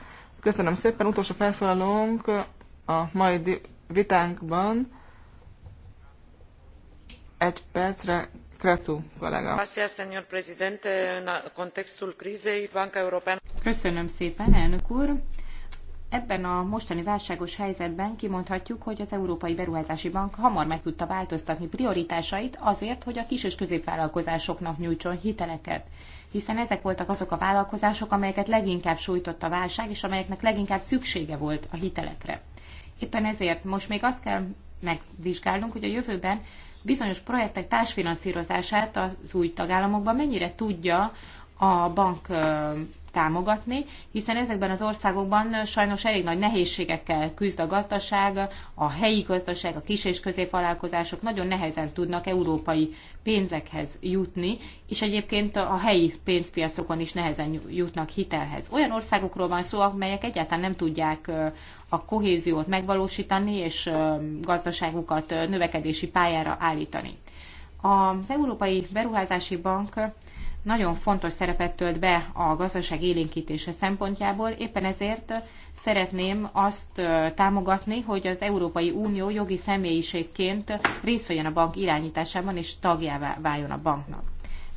Köszönöm szépen, utolsó felszólalónk a mai vitánkban kollega. szépen, Ebben a mostani válságos helyzetben kimondhatjuk, hogy az Európai Beruházási Bank hamar meg tudta változtatni prioritásait azért, hogy a kis és középvállalkozásoknak nyújtson hiteleket hiszen ezek voltak azok a vállalkozások, amelyeket leginkább sújtott a válság, és amelyeknek leginkább szüksége volt a hitelekre. Éppen ezért most még azt kell megvizsgálnunk, hogy a jövőben bizonyos projektek társfinanszírozását az új tagállamokban mennyire tudja a bank támogatni, hiszen ezekben az országokban sajnos elég nagy nehézségekkel küzd a gazdaság, a helyi gazdaság, a kis- és középvállalkozások nagyon nehezen tudnak európai pénzekhez jutni, és egyébként a helyi pénzpiacokon is nehezen jutnak hitelhez. Olyan országokról van szó, amelyek egyáltalán nem tudják a kohéziót megvalósítani és gazdaságukat növekedési pályára állítani. Az Európai Beruházási Bank nagyon fontos szerepet tölt be a gazdaság élénkítése szempontjából, éppen ezért szeretném azt támogatni, hogy az Európai Unió jogi személyiségként részt vegyen a bank irányításában és tagjává váljon a banknak.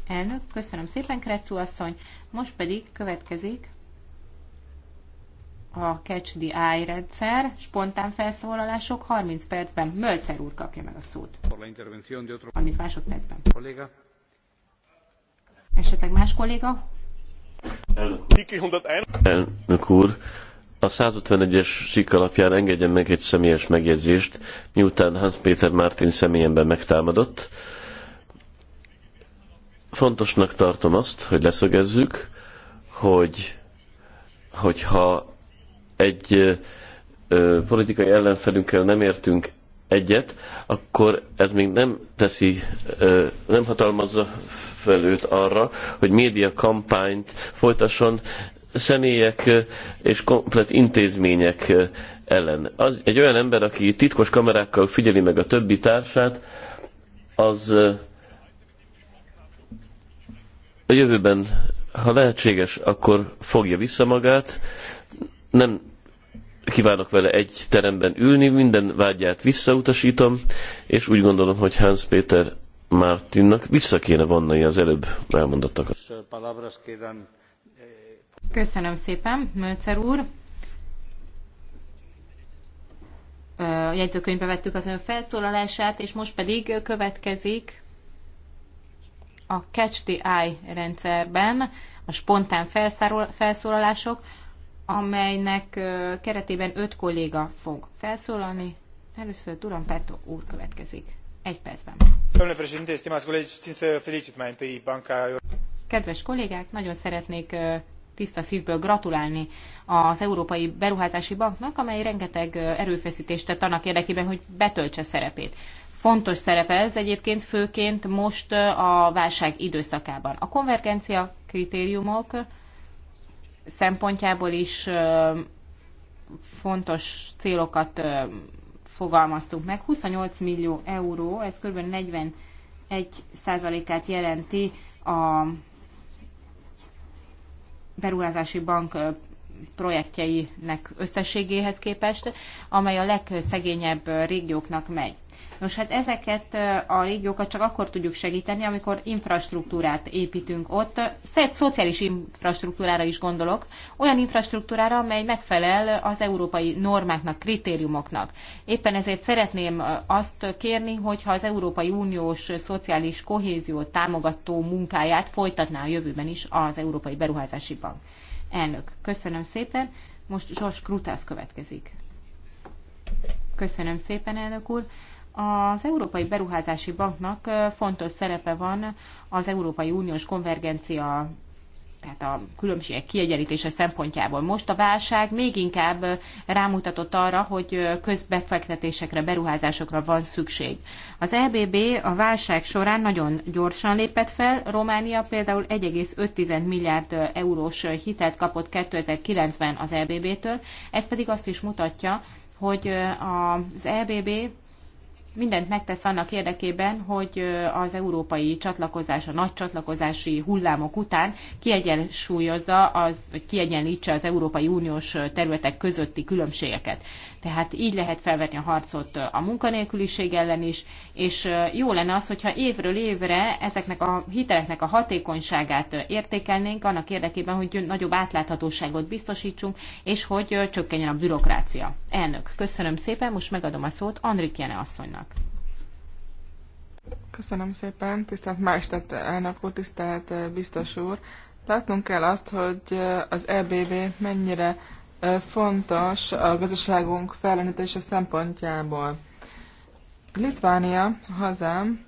Elnök, köszönöm szépen, Krecu asszony. Most pedig következik a Catch the Eye rendszer, spontán felszólalások 30 percben. Mölcer úr kapja meg a szót. 30 másodpercben. Kolléga. Esetleg más kolléga? Elnök úr, a 151-es sik alapján engedjen meg egy személyes megjegyzést, miután Hans Péter Mártin személyemben megtámadott. Fontosnak tartom azt, hogy leszögezzük, hogy hogyha egy ö, politikai ellenfelünkkel nem értünk egyet, akkor ez még nem teszi, ö, nem hatalmazza megfelelőt arra, hogy média kampányt folytasson személyek és komplet intézmények ellen. Az egy olyan ember, aki titkos kamerákkal figyeli meg a többi társát, az a jövőben, ha lehetséges, akkor fogja vissza magát. Nem kívánok vele egy teremben ülni, minden vágyát visszautasítom, és úgy gondolom, hogy Hans Péter Martinnak vissza kéne vannai az előbb elmondottakat. Köszönöm szépen, Mölcer úr. A jegyzőkönyvbe vettük az ön felszólalását, és most pedig következik a Catch the Eye rendszerben a spontán felszólalások, amelynek keretében öt kolléga fog felszólalni. Először Duran Petó úr következik. Kedves kollégák, nagyon szeretnék tiszta szívből gratulálni az Európai Beruházási Banknak, amely rengeteg erőfeszítést tett annak érdekében, hogy betöltse szerepét. Fontos szerepe ez egyébként főként most a válság időszakában. A konvergencia kritériumok szempontjából is fontos célokat fogalmaztunk meg. 28 millió euró, ez kb. 41 százalékát jelenti a beruházási bank projektjeinek összességéhez képest, amely a legszegényebb régióknak megy. Nos, hát ezeket a régiókat csak akkor tudjuk segíteni, amikor infrastruktúrát építünk ott. Szóval szociális infrastruktúrára is gondolok, olyan infrastruktúrára, amely megfelel az európai normáknak, kritériumoknak. Éppen ezért szeretném azt kérni, hogyha az Európai Uniós szociális kohéziót támogató munkáját folytatná a jövőben is az Európai Beruházási Bank. Elnök, köszönöm szépen. Most Zsors Krutász következik. Köszönöm szépen, elnök úr. Az Európai Beruházási Banknak fontos szerepe van az Európai Uniós konvergencia tehát a különbségek kiegyenlítése szempontjából. Most a válság még inkább rámutatott arra, hogy közbefektetésekre, beruházásokra van szükség. Az EBB a válság során nagyon gyorsan lépett fel. Románia például 1,5 milliárd eurós hitelt kapott 2009-ben az EBB-től. Ez pedig azt is mutatja, hogy az EBB mindent megtesz annak érdekében, hogy az európai csatlakozás, a nagy csatlakozási hullámok után kiegyensúlyozza, az, vagy kiegyenlítse az Európai Uniós területek közötti különbségeket. Tehát így lehet felvetni a harcot a munkanélküliség ellen is, és jó lenne az, hogyha évről évre ezeknek a hiteleknek a hatékonyságát értékelnénk, annak érdekében, hogy nagyobb átláthatóságot biztosítsunk, és hogy csökkenjen a bürokrácia. Elnök, köszönöm szépen, most megadom a szót Andrik Jene asszonynak. Köszönöm szépen, tisztelt Májstett elnök úr, tisztelt biztos úr. Látnunk kell azt, hogy az EBB mennyire fontos a gazdaságunk fellenítése szempontjából. Litvánia, hazám,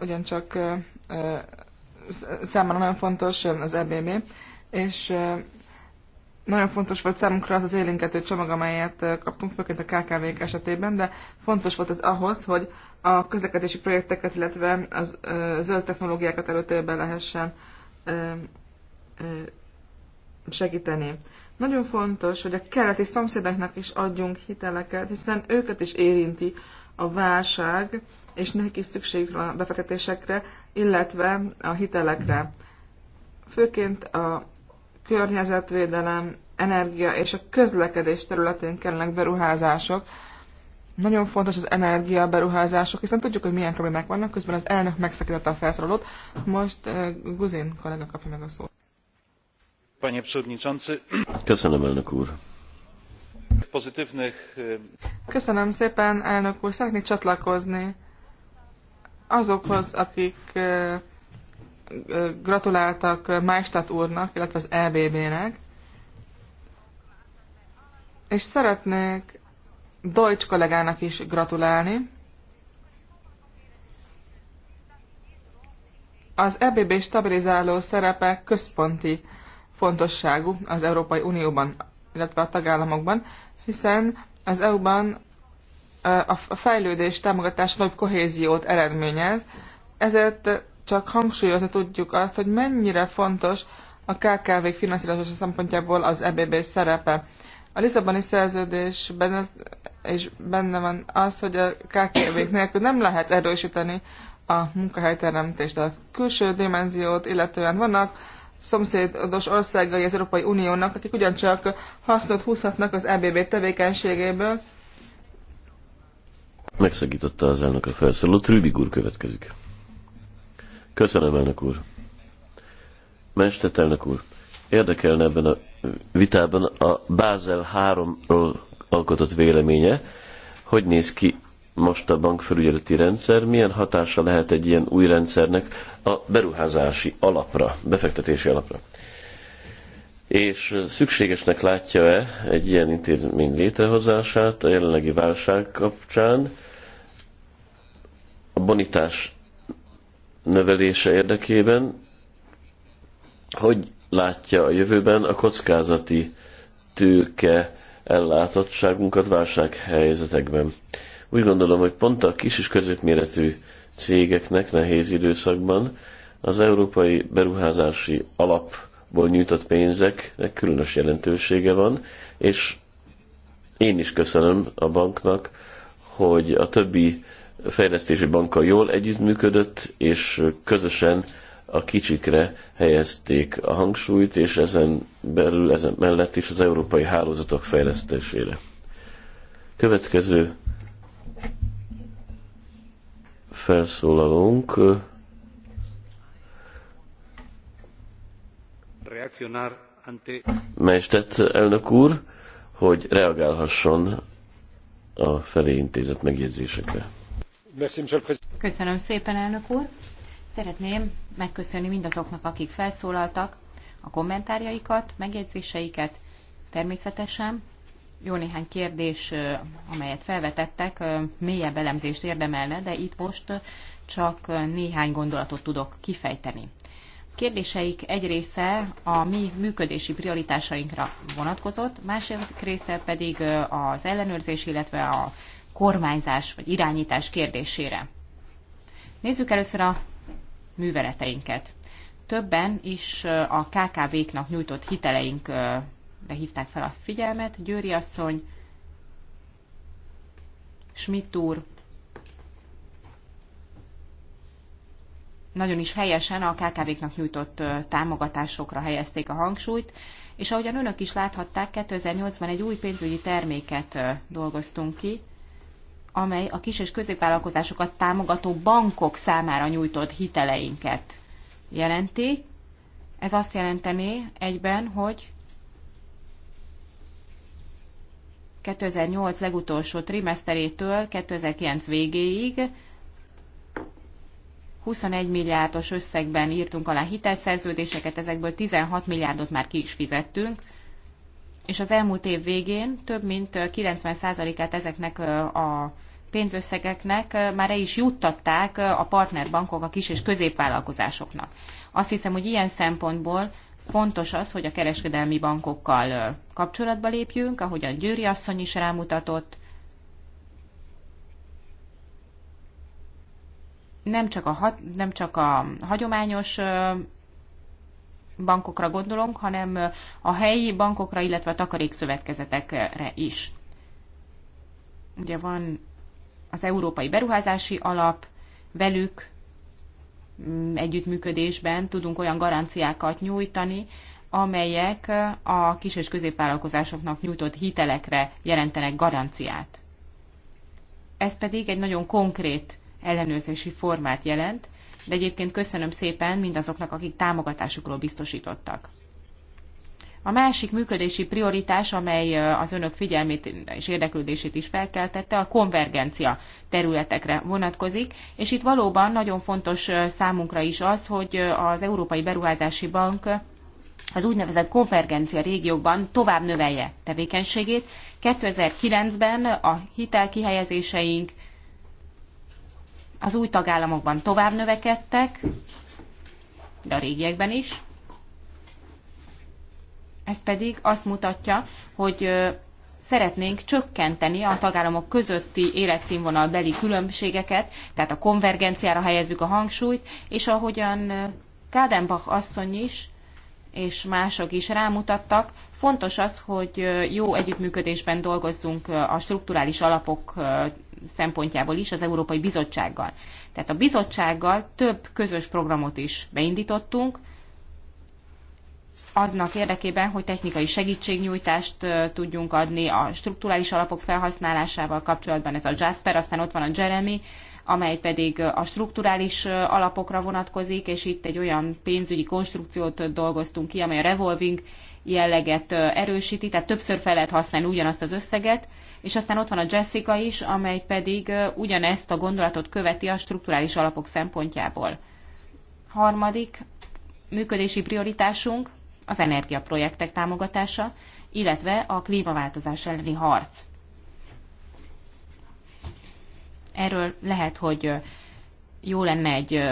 ugyancsak számára nagyon fontos az EBB, és nagyon fontos volt számunkra az az élénkető csomag, amelyet kaptunk, főként a KKV-k esetében, de fontos volt ez ahhoz, hogy a közlekedési projekteket, illetve a zöld technológiákat előtérbe lehessen segíteni. Nagyon fontos, hogy a keleti szomszédoknak is adjunk hiteleket, hiszen őket is érinti a válság, és nekik is szükség van a befektetésekre, illetve a hitelekre. Főként a környezetvédelem, energia és a közlekedés területén kellnek beruházások. Nagyon fontos az energia beruházások, hiszen tudjuk, hogy milyen problémák vannak, közben az elnök megszakította a felszorolót. Most eh, Guzin kollega kapja meg a szót panie przewodniczący! köszönöm elnök úr! E, köszönöm szépen, elnök úr. Szeretnék csatlakozni azokhoz, akik e, e, gratuláltak Maestat úrnak, illetve az EBB-nek. És szeretnék Deutsch kollégának is gratulálni. Az EBB stabilizáló szerepe központi fontosságú az Európai Unióban, illetve a tagállamokban, hiszen az EU-ban a fejlődés támogatás nagy kohéziót eredményez, ezért csak hangsúlyozni tudjuk azt, hogy mennyire fontos a kkv k finanszírozása szempontjából az EBB szerepe. A Lisszaboni benne, és benne van az, hogy a KKV-k nélkül nem lehet erősíteni a munkahelyteremtést, a külső dimenziót, illetően vannak szomszédos országai az Európai Uniónak, akik ugyancsak hasznot húzhatnak az EBB tevékenységéből. Megszakította az elnök a felszólalót, Rübig úr következik. Köszönöm, elnök úr. Mestet elnök úr, érdekelne ebben a vitában a Bázel 3-ról alkotott véleménye, hogy néz ki most a bankfelügyeleti rendszer, milyen hatása lehet egy ilyen új rendszernek a beruházási alapra, befektetési alapra. És szükségesnek látja-e egy ilyen intézmény létrehozását a jelenlegi válság kapcsán, a bonitás növelése érdekében, hogy látja a jövőben a kockázati tőke ellátottságunkat válsághelyzetekben. helyzetekben úgy gondolom, hogy pont a kis és középméretű cégeknek nehéz időszakban az európai beruházási alapból nyújtott pénzeknek különös jelentősége van, és én is köszönöm a banknak, hogy a többi fejlesztési banka jól együttműködött, és közösen a kicsikre helyezték a hangsúlyt, és ezen belül, ezen mellett is az európai hálózatok fejlesztésére. Következő Felszólalunk. Mestett elnök úr, hogy reagálhasson a felé intézett megjegyzésekre. Köszönöm szépen, elnök úr! Szeretném megköszönni mindazoknak, akik felszólaltak, a kommentárjaikat, megjegyzéseiket, természetesen jó néhány kérdés, amelyet felvetettek, mélyebb elemzést érdemelne, de itt most csak néhány gondolatot tudok kifejteni. kérdéseik egy része a mi működési prioritásainkra vonatkozott, másik része pedig az ellenőrzés, illetve a kormányzás vagy irányítás kérdésére. Nézzük először a műveleteinket. Többen is a KKV-knak nyújtott hiteleink hívták fel a figyelmet. Győri asszony, Schmidt úr, nagyon is helyesen a KKV-knak nyújtott támogatásokra helyezték a hangsúlyt, és ahogyan önök is láthatták, 2008-ban egy új pénzügyi terméket dolgoztunk ki, amely a kis és középvállalkozásokat támogató bankok számára nyújtott hiteleinket jelenti. Ez azt jelenteni egyben, hogy 2008 legutolsó trimeszterétől 2009 végéig 21 milliárdos összegben írtunk alá hitelszerződéseket, ezekből 16 milliárdot már ki is fizettünk, és az elmúlt év végén több mint 90%-át ezeknek a pénzösszegeknek már el is juttatták a partnerbankok a kis- és középvállalkozásoknak. Azt hiszem, hogy ilyen szempontból fontos az, hogy a kereskedelmi bankokkal kapcsolatba lépjünk, ahogyan Győri asszony is rámutatott. Nem csak a, nem csak a hagyományos bankokra gondolunk, hanem a helyi bankokra, illetve a takarékszövetkezetekre is. Ugye van az Európai Beruházási Alap, velük Mm, együttműködésben tudunk olyan garanciákat nyújtani, amelyek a kis- és középvállalkozásoknak nyújtott hitelekre jelentenek garanciát. Ez pedig egy nagyon konkrét ellenőrzési formát jelent, de egyébként köszönöm szépen mindazoknak, akik támogatásukról biztosítottak. A másik működési prioritás, amely az önök figyelmét és érdeklődését is felkeltette, a konvergencia területekre vonatkozik, és itt valóban nagyon fontos számunkra is az, hogy az Európai Beruházási Bank az úgynevezett konvergencia régiókban tovább növelje tevékenységét. 2009-ben a hitelkihelyezéseink az új tagállamokban tovább növekedtek, de a régiekben is, ez pedig azt mutatja, hogy szeretnénk csökkenteni a tagállamok közötti életszínvonalbeli különbségeket, tehát a konvergenciára helyezzük a hangsúlyt, és ahogyan Kádenbach asszony is és mások is rámutattak, fontos az, hogy jó együttműködésben dolgozzunk a strukturális alapok szempontjából is az Európai Bizottsággal. Tehát a bizottsággal több közös programot is beindítottunk, aznak érdekében, hogy technikai segítségnyújtást tudjunk adni a strukturális alapok felhasználásával kapcsolatban, ez a Jasper, aztán ott van a Jeremy, amely pedig a strukturális alapokra vonatkozik, és itt egy olyan pénzügyi konstrukciót dolgoztunk ki, amely a revolving jelleget erősíti, tehát többször fel lehet használni ugyanazt az összeget, és aztán ott van a Jessica is, amely pedig ugyanezt a gondolatot követi a strukturális alapok szempontjából. Harmadik működési prioritásunk az energiaprojektek támogatása, illetve a klímaváltozás elleni harc. Erről lehet, hogy jó lenne egy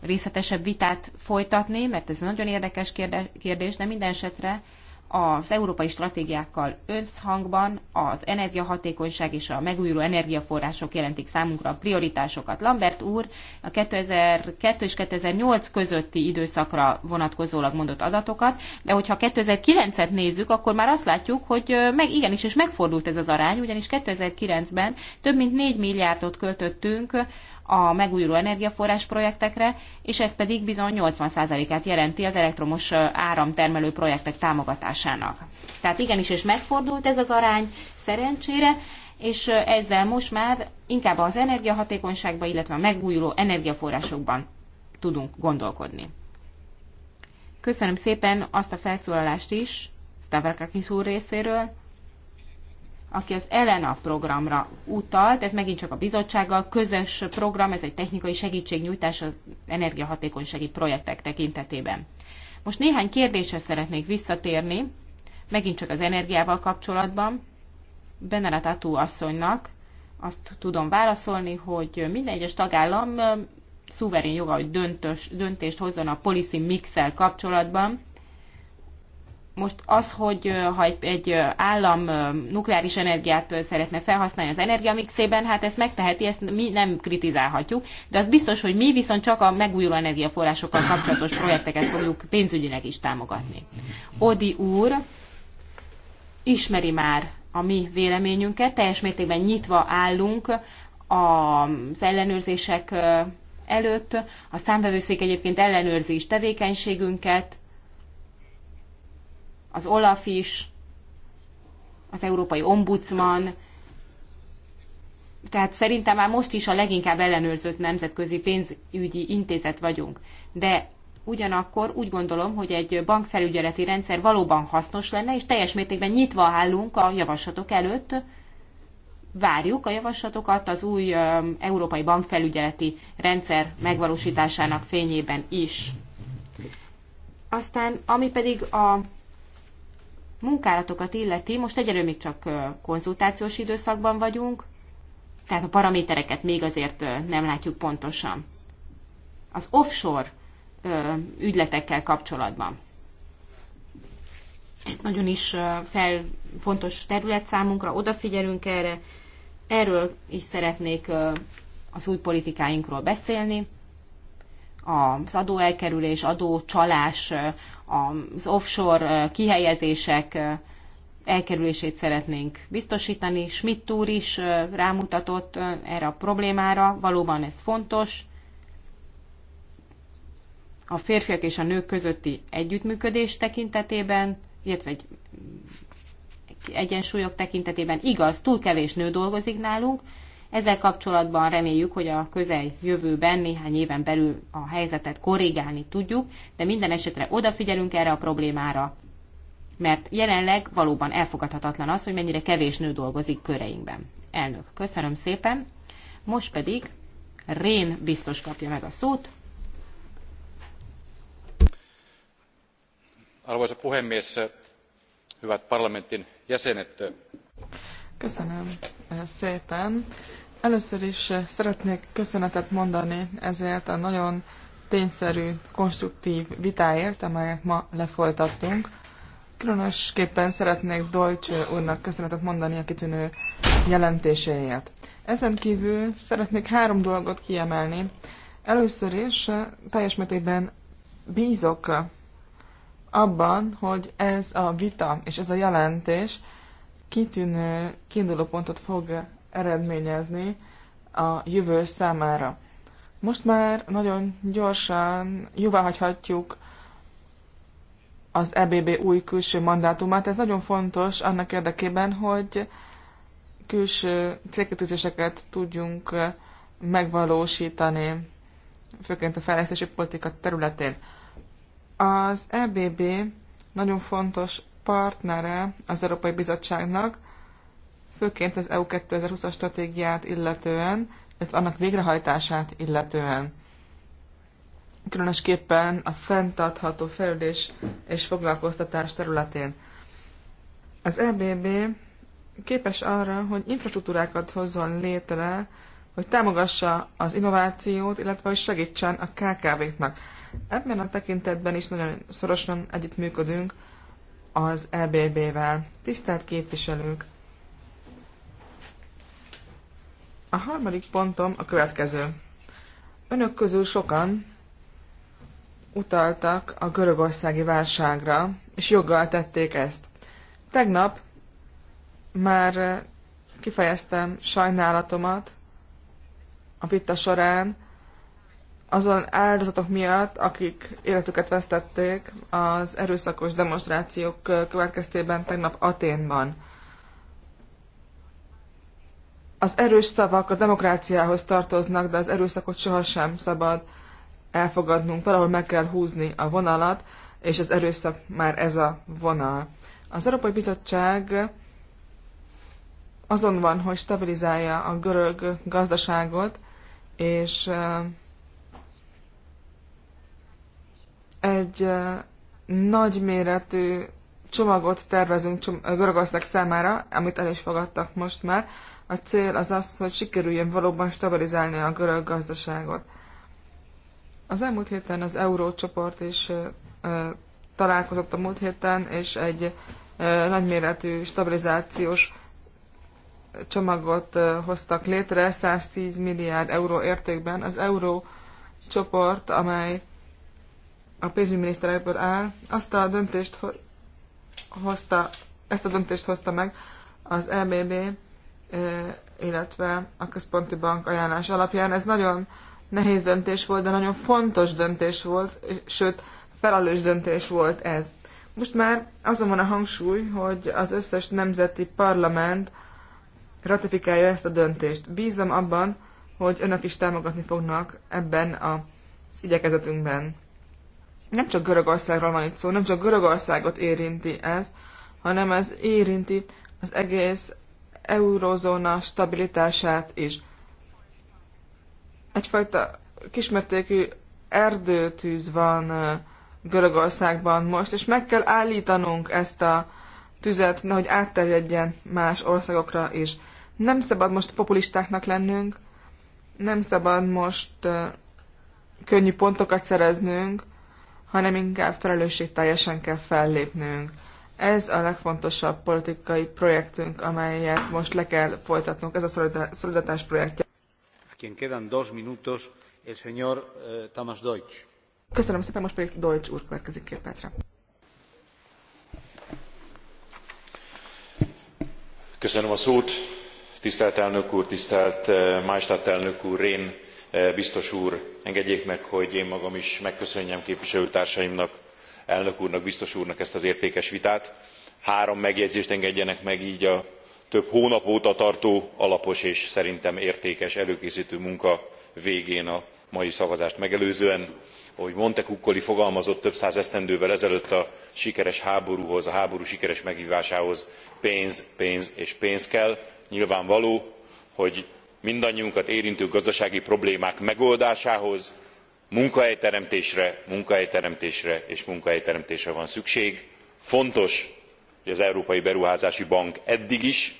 részletesebb vitát folytatni, mert ez nagyon érdekes kérdés, de minden esetre az európai stratégiákkal összhangban az energiahatékonyság és a megújuló energiaforrások jelentik számunkra a prioritásokat. Lambert úr a 2002 és 2008 közötti időszakra vonatkozólag mondott adatokat, de hogyha 2009-et nézzük, akkor már azt látjuk, hogy meg, igenis, és megfordult ez az arány, ugyanis 2009-ben több mint 4 milliárdot költöttünk a megújuló energiaforrás projektekre, és ez pedig bizony 80%-át jelenti az elektromos áramtermelő projektek támogatásának. Tehát igenis, és megfordult ez az arány szerencsére, és ezzel most már inkább az energiahatékonyságba, illetve a megújuló energiaforrásokban tudunk gondolkodni. Köszönöm szépen azt a felszólalást is, Stavrakakis úr részéről, aki az ELENA programra utalt, ez megint csak a bizottsággal közös program, ez egy technikai segítségnyújtás az energiahatékonysági projektek tekintetében. Most néhány kérdésre szeretnék visszatérni, megint csak az energiával kapcsolatban. Benelet Atú asszonynak azt tudom válaszolni, hogy minden egyes tagállam szuverén joga, hogy döntös, döntést hozzon a policy mixel kapcsolatban, most az, hogy ha egy, egy állam nukleáris energiát szeretne felhasználni az energiamixében, hát ezt megteheti, ezt mi nem kritizálhatjuk, de az biztos, hogy mi viszont csak a megújuló energiaforrásokkal kapcsolatos projekteket fogjuk pénzügyileg is támogatni. Odi úr ismeri már a mi véleményünket, teljes mértékben nyitva állunk az ellenőrzések előtt. A számvevőszék egyébként ellenőrzi is tevékenységünket, az Olaf is, az Európai Ombudsman, tehát szerintem már most is a leginkább ellenőrzött nemzetközi pénzügyi intézet vagyunk. De ugyanakkor úgy gondolom, hogy egy bankfelügyeleti rendszer valóban hasznos lenne, és teljes mértékben nyitva állunk a javaslatok előtt, várjuk a javaslatokat az új európai bankfelügyeleti rendszer megvalósításának fényében is. Aztán, ami pedig a munkálatokat illeti, most egyelőre még csak konzultációs időszakban vagyunk, tehát a paramétereket még azért nem látjuk pontosan. Az offshore ügyletekkel kapcsolatban. Ez nagyon is fel, fontos terület számunkra, odafigyelünk erre, erről is szeretnék az új politikáinkról beszélni az adóelkerülés, adócsalás, az offshore kihelyezések elkerülését szeretnénk biztosítani. Schmidt úr is rámutatott erre a problémára, valóban ez fontos. A férfiak és a nők közötti együttműködés tekintetében, illetve egy egyensúlyok tekintetében igaz, túl kevés nő dolgozik nálunk, ezzel kapcsolatban reméljük, hogy a közeljövőben, néhány éven belül a helyzetet korrigálni tudjuk, de minden esetre odafigyelünk erre a problémára, mert jelenleg valóban elfogadhatatlan az, hogy mennyire kevés nő dolgozik köreinkben. Elnök, köszönöm szépen. Most pedig Rén biztos kapja meg a szót. Arvoisa puhemies, hyvät parlamentin jäsenet. Köszönöm eh, szépen. Először is eh, szeretnék köszönetet mondani ezért a nagyon tényszerű, konstruktív vitáért, amelyet ma lefolytattunk. Különösképpen szeretnék Deutsch úrnak köszönetet mondani a kitűnő jelentéséért. Ezen kívül szeretnék három dolgot kiemelni. Először is eh, teljes mértékben bízok abban, hogy ez a vita és ez a jelentés kitűnő kiinduló pontot fog eredményezni a jövő számára. Most már nagyon gyorsan hagyhatjuk az EBB új külső mandátumát. Ez nagyon fontos annak érdekében, hogy külső célkötőzéseket tudjunk megvalósítani, főként a fejlesztési politika területén. Az EBB nagyon fontos partnere az Európai Bizottságnak, főként az EU 2020-as stratégiát illetően, illetve annak végrehajtását illetően. Különösképpen a fenntartható fejlődés és foglalkoztatás területén. Az EBB képes arra, hogy infrastruktúrákat hozzon létre, hogy támogassa az innovációt, illetve hogy segítsen a KKV-knak. Ebben a tekintetben is nagyon szorosan együttműködünk az EBB-vel. Tisztelt képviselők! A harmadik pontom a következő. Önök közül sokan utaltak a görögországi válságra, és joggal tették ezt. Tegnap már eh, kifejeztem sajnálatomat a vita során azon áldozatok miatt, akik életüket vesztették az erőszakos demonstrációk következtében tegnap Aténban. Az erős szavak a demokráciához tartoznak, de az erőszakot sohasem szabad elfogadnunk. Valahol meg kell húzni a vonalat, és az erőszak már ez a vonal. Az Európai Bizottság azon van, hogy stabilizálja a görög gazdaságot, és egy nagyméretű csomagot tervezünk Görögország számára, amit el is fogadtak most már. A cél az az, hogy sikerüljön valóban stabilizálni a görög gazdaságot. Az elmúlt héten az Eurócsoport is találkozott a múlt héten, és egy nagyméretű stabilizációs csomagot hoztak létre 110 milliárd euró értékben. Az Eurócsoport, amely a ebből áll, azt a döntést hozta, ezt a döntést hozta meg az EBB, eh, illetve a Központi Bank ajánlás alapján. Ez nagyon nehéz döntés volt, de nagyon fontos döntés volt, sőt, felelős döntés volt ez. Most már azon van a hangsúly, hogy az összes nemzeti parlament ratifikálja ezt a döntést. Bízom abban, hogy önök is támogatni fognak ebben az igyekezetünkben nem csak Görögországról van itt szó, nem csak Görögországot érinti ez, hanem ez érinti az egész eurozóna stabilitását is. Egyfajta kismértékű erdőtűz van Görögországban most, és meg kell állítanunk ezt a tüzet, nehogy átterjedjen más országokra is. Nem szabad most populistáknak lennünk, nem szabad most könnyű pontokat szereznünk, hanem inkább felelősségteljesen kell fellépnünk. Ez a legfontosabb politikai projektünk, amelyet most le kell folytatnunk, ez a szolidatás projektje. Quien quedan dos minutos, el señor eh, Tamás Deutsch. Köszönöm szépen, most pedig Deutsch úr következik két percre. Köszönöm a szót, tisztelt elnök úr, tisztelt eh, Májstadt elnök úr, Rén Eh, biztos úr engedjék meg hogy én magam is megköszönjem képviselőtársaimnak elnök úrnak biztos úrnak ezt az értékes vitát. három megjegyzést engedjenek meg gy a több hónap óta tartó alapos és szerintem értékes előkésztő munka végén a mai szavazást megelőzően. ahogy monte fogalmazott több száz esztendővel ezelőtt a sikeres háborúhoz a háború sikeres megvvásához pénz pénz és pénz kell. nyilvánvaló hogy mindannyiunkat érintő gazdasági problémák megoldásához munkahelyteremtésre munkahelyteremtésre és munkahelyteremtésre van szükség. fontos hogy az európai beruházási bank eddig is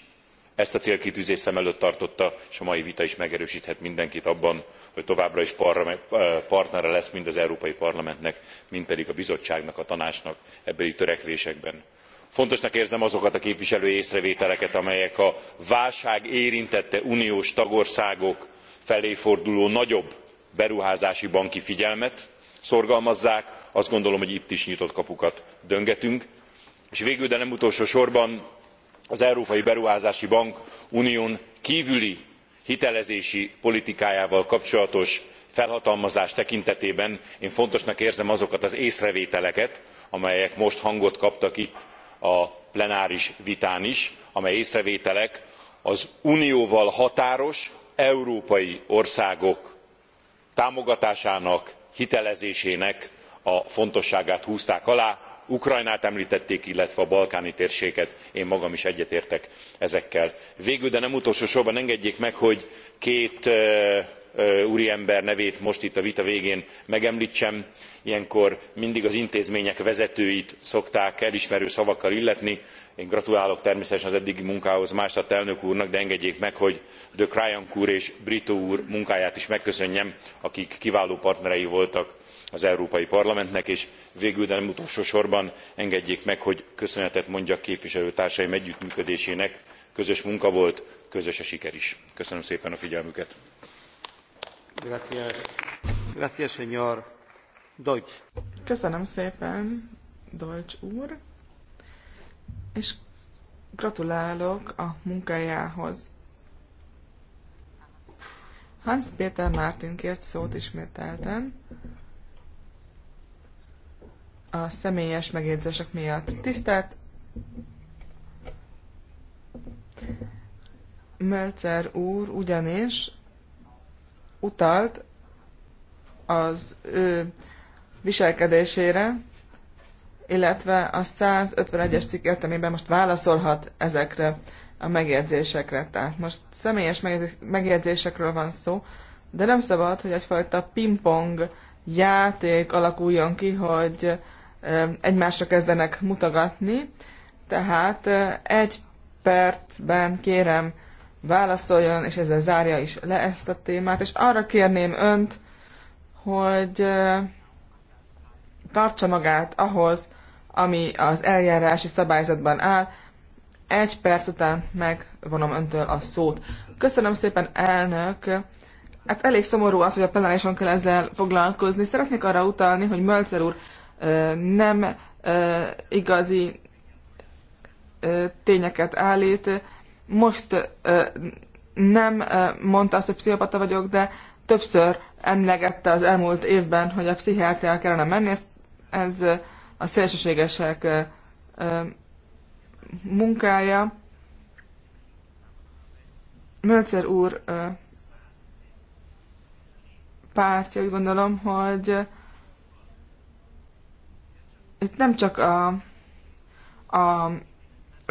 ezt a célkitűzést szem előtt tartotta és a mai vita is megerősthet mindenkit abban hogy továbbra is partnere lesz mind az európai parlamentnek mind pedig a bizottságnak a tanácsnak ebbéli törekvésekben fontosnak érzem azokat a képviselői észrevételeket amelyek a válság érintette uniós tagországok felé forduló nagyobb beruházási banki figyelmet szorgalmazzák azt gondolom hogy itt is nyitott kapukat döngetünk és végül de nem utolsó sorban az európai beruházási bank unión kvüli hitelezési politikájával kapcsolatos felhatalmazás tekintetében én fontosnak érzem azokat az észrevételeket amelyek most hangot kaptak itt a plenáris vitán is amely észrevételek az unióval határos európai országok támogatásának hitelezésének a fontosságát húzták alá ukrajnát emltették illetve a balkáni térséget én magam is egyetértek ezekkel. végül de nem utolsó sorban engedjék meg hogy két eh, úriember nevét most itt a vita végén megemltsem ilyenkor mindig az intézmények vezetőit szokták elismerő szavakkal illetni én gratulálok természetesen az eddigi munkához maystadt elnök úrnak de engedjék meg hogy de crayonc úr és brito úr munkáját is megköszönjem akik kiváló partnerei voltak az európai parlamentnek és végül de nem utolsó sorban engedjék meg hogy köszönetet mondjak képviselőtársaim együttműködésének közös munka volt közös a siker is. köszönöm szépen a figyelmüket. Gracias. Gracias, señor Deutsch. Köszönöm szépen, Deutsch úr, és gratulálok a munkájához. Hans Péter Mártin kért szót ismételten a személyes megjegyzések miatt. Tisztelt Melzer úr ugyanis utalt az ő viselkedésére, illetve a 151-es cikk értelmében most válaszolhat ezekre a megjegyzésekre. Tehát most személyes megjegyzésekről van szó, de nem szabad, hogy egyfajta pingpong játék alakuljon ki, hogy egymásra kezdenek mutogatni. Tehát egy percben kérem válaszoljon, és ezzel zárja is le ezt a témát. És arra kérném önt, hogy tartsa magát ahhoz, ami az eljárási szabályzatban áll. Egy perc után megvonom öntől a szót. Köszönöm szépen, elnök! Hát elég szomorú az, hogy a plenárison kell ezzel foglalkozni. Szeretnék arra utalni, hogy Mölcer úr nem igazi tényeket állít most nem mondta azt, hogy pszichopata vagyok, de többször emlegette az elmúlt évben, hogy a pszichiátriára kellene menni, ez, ez a szélsőségesek munkája. Mölcer úr pártja, úgy gondolom, hogy itt nem csak a, a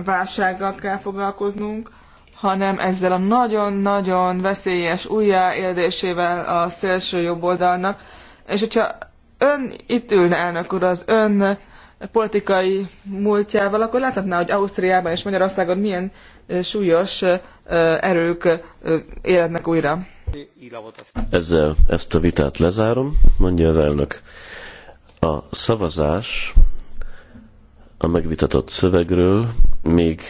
válsággal kell foglalkoznunk, hanem ezzel a nagyon-nagyon veszélyes újjáérdésével a szélső jobb oldalnak. És hogyha ön itt ülne, elnök úr, az ön politikai múltjával, akkor láthatná, hogy Ausztriában és Magyarországon milyen súlyos erők életnek újra. Ezzel ezt a vitát lezárom, mondja az elnök. A szavazás a megvitatott szövegről, még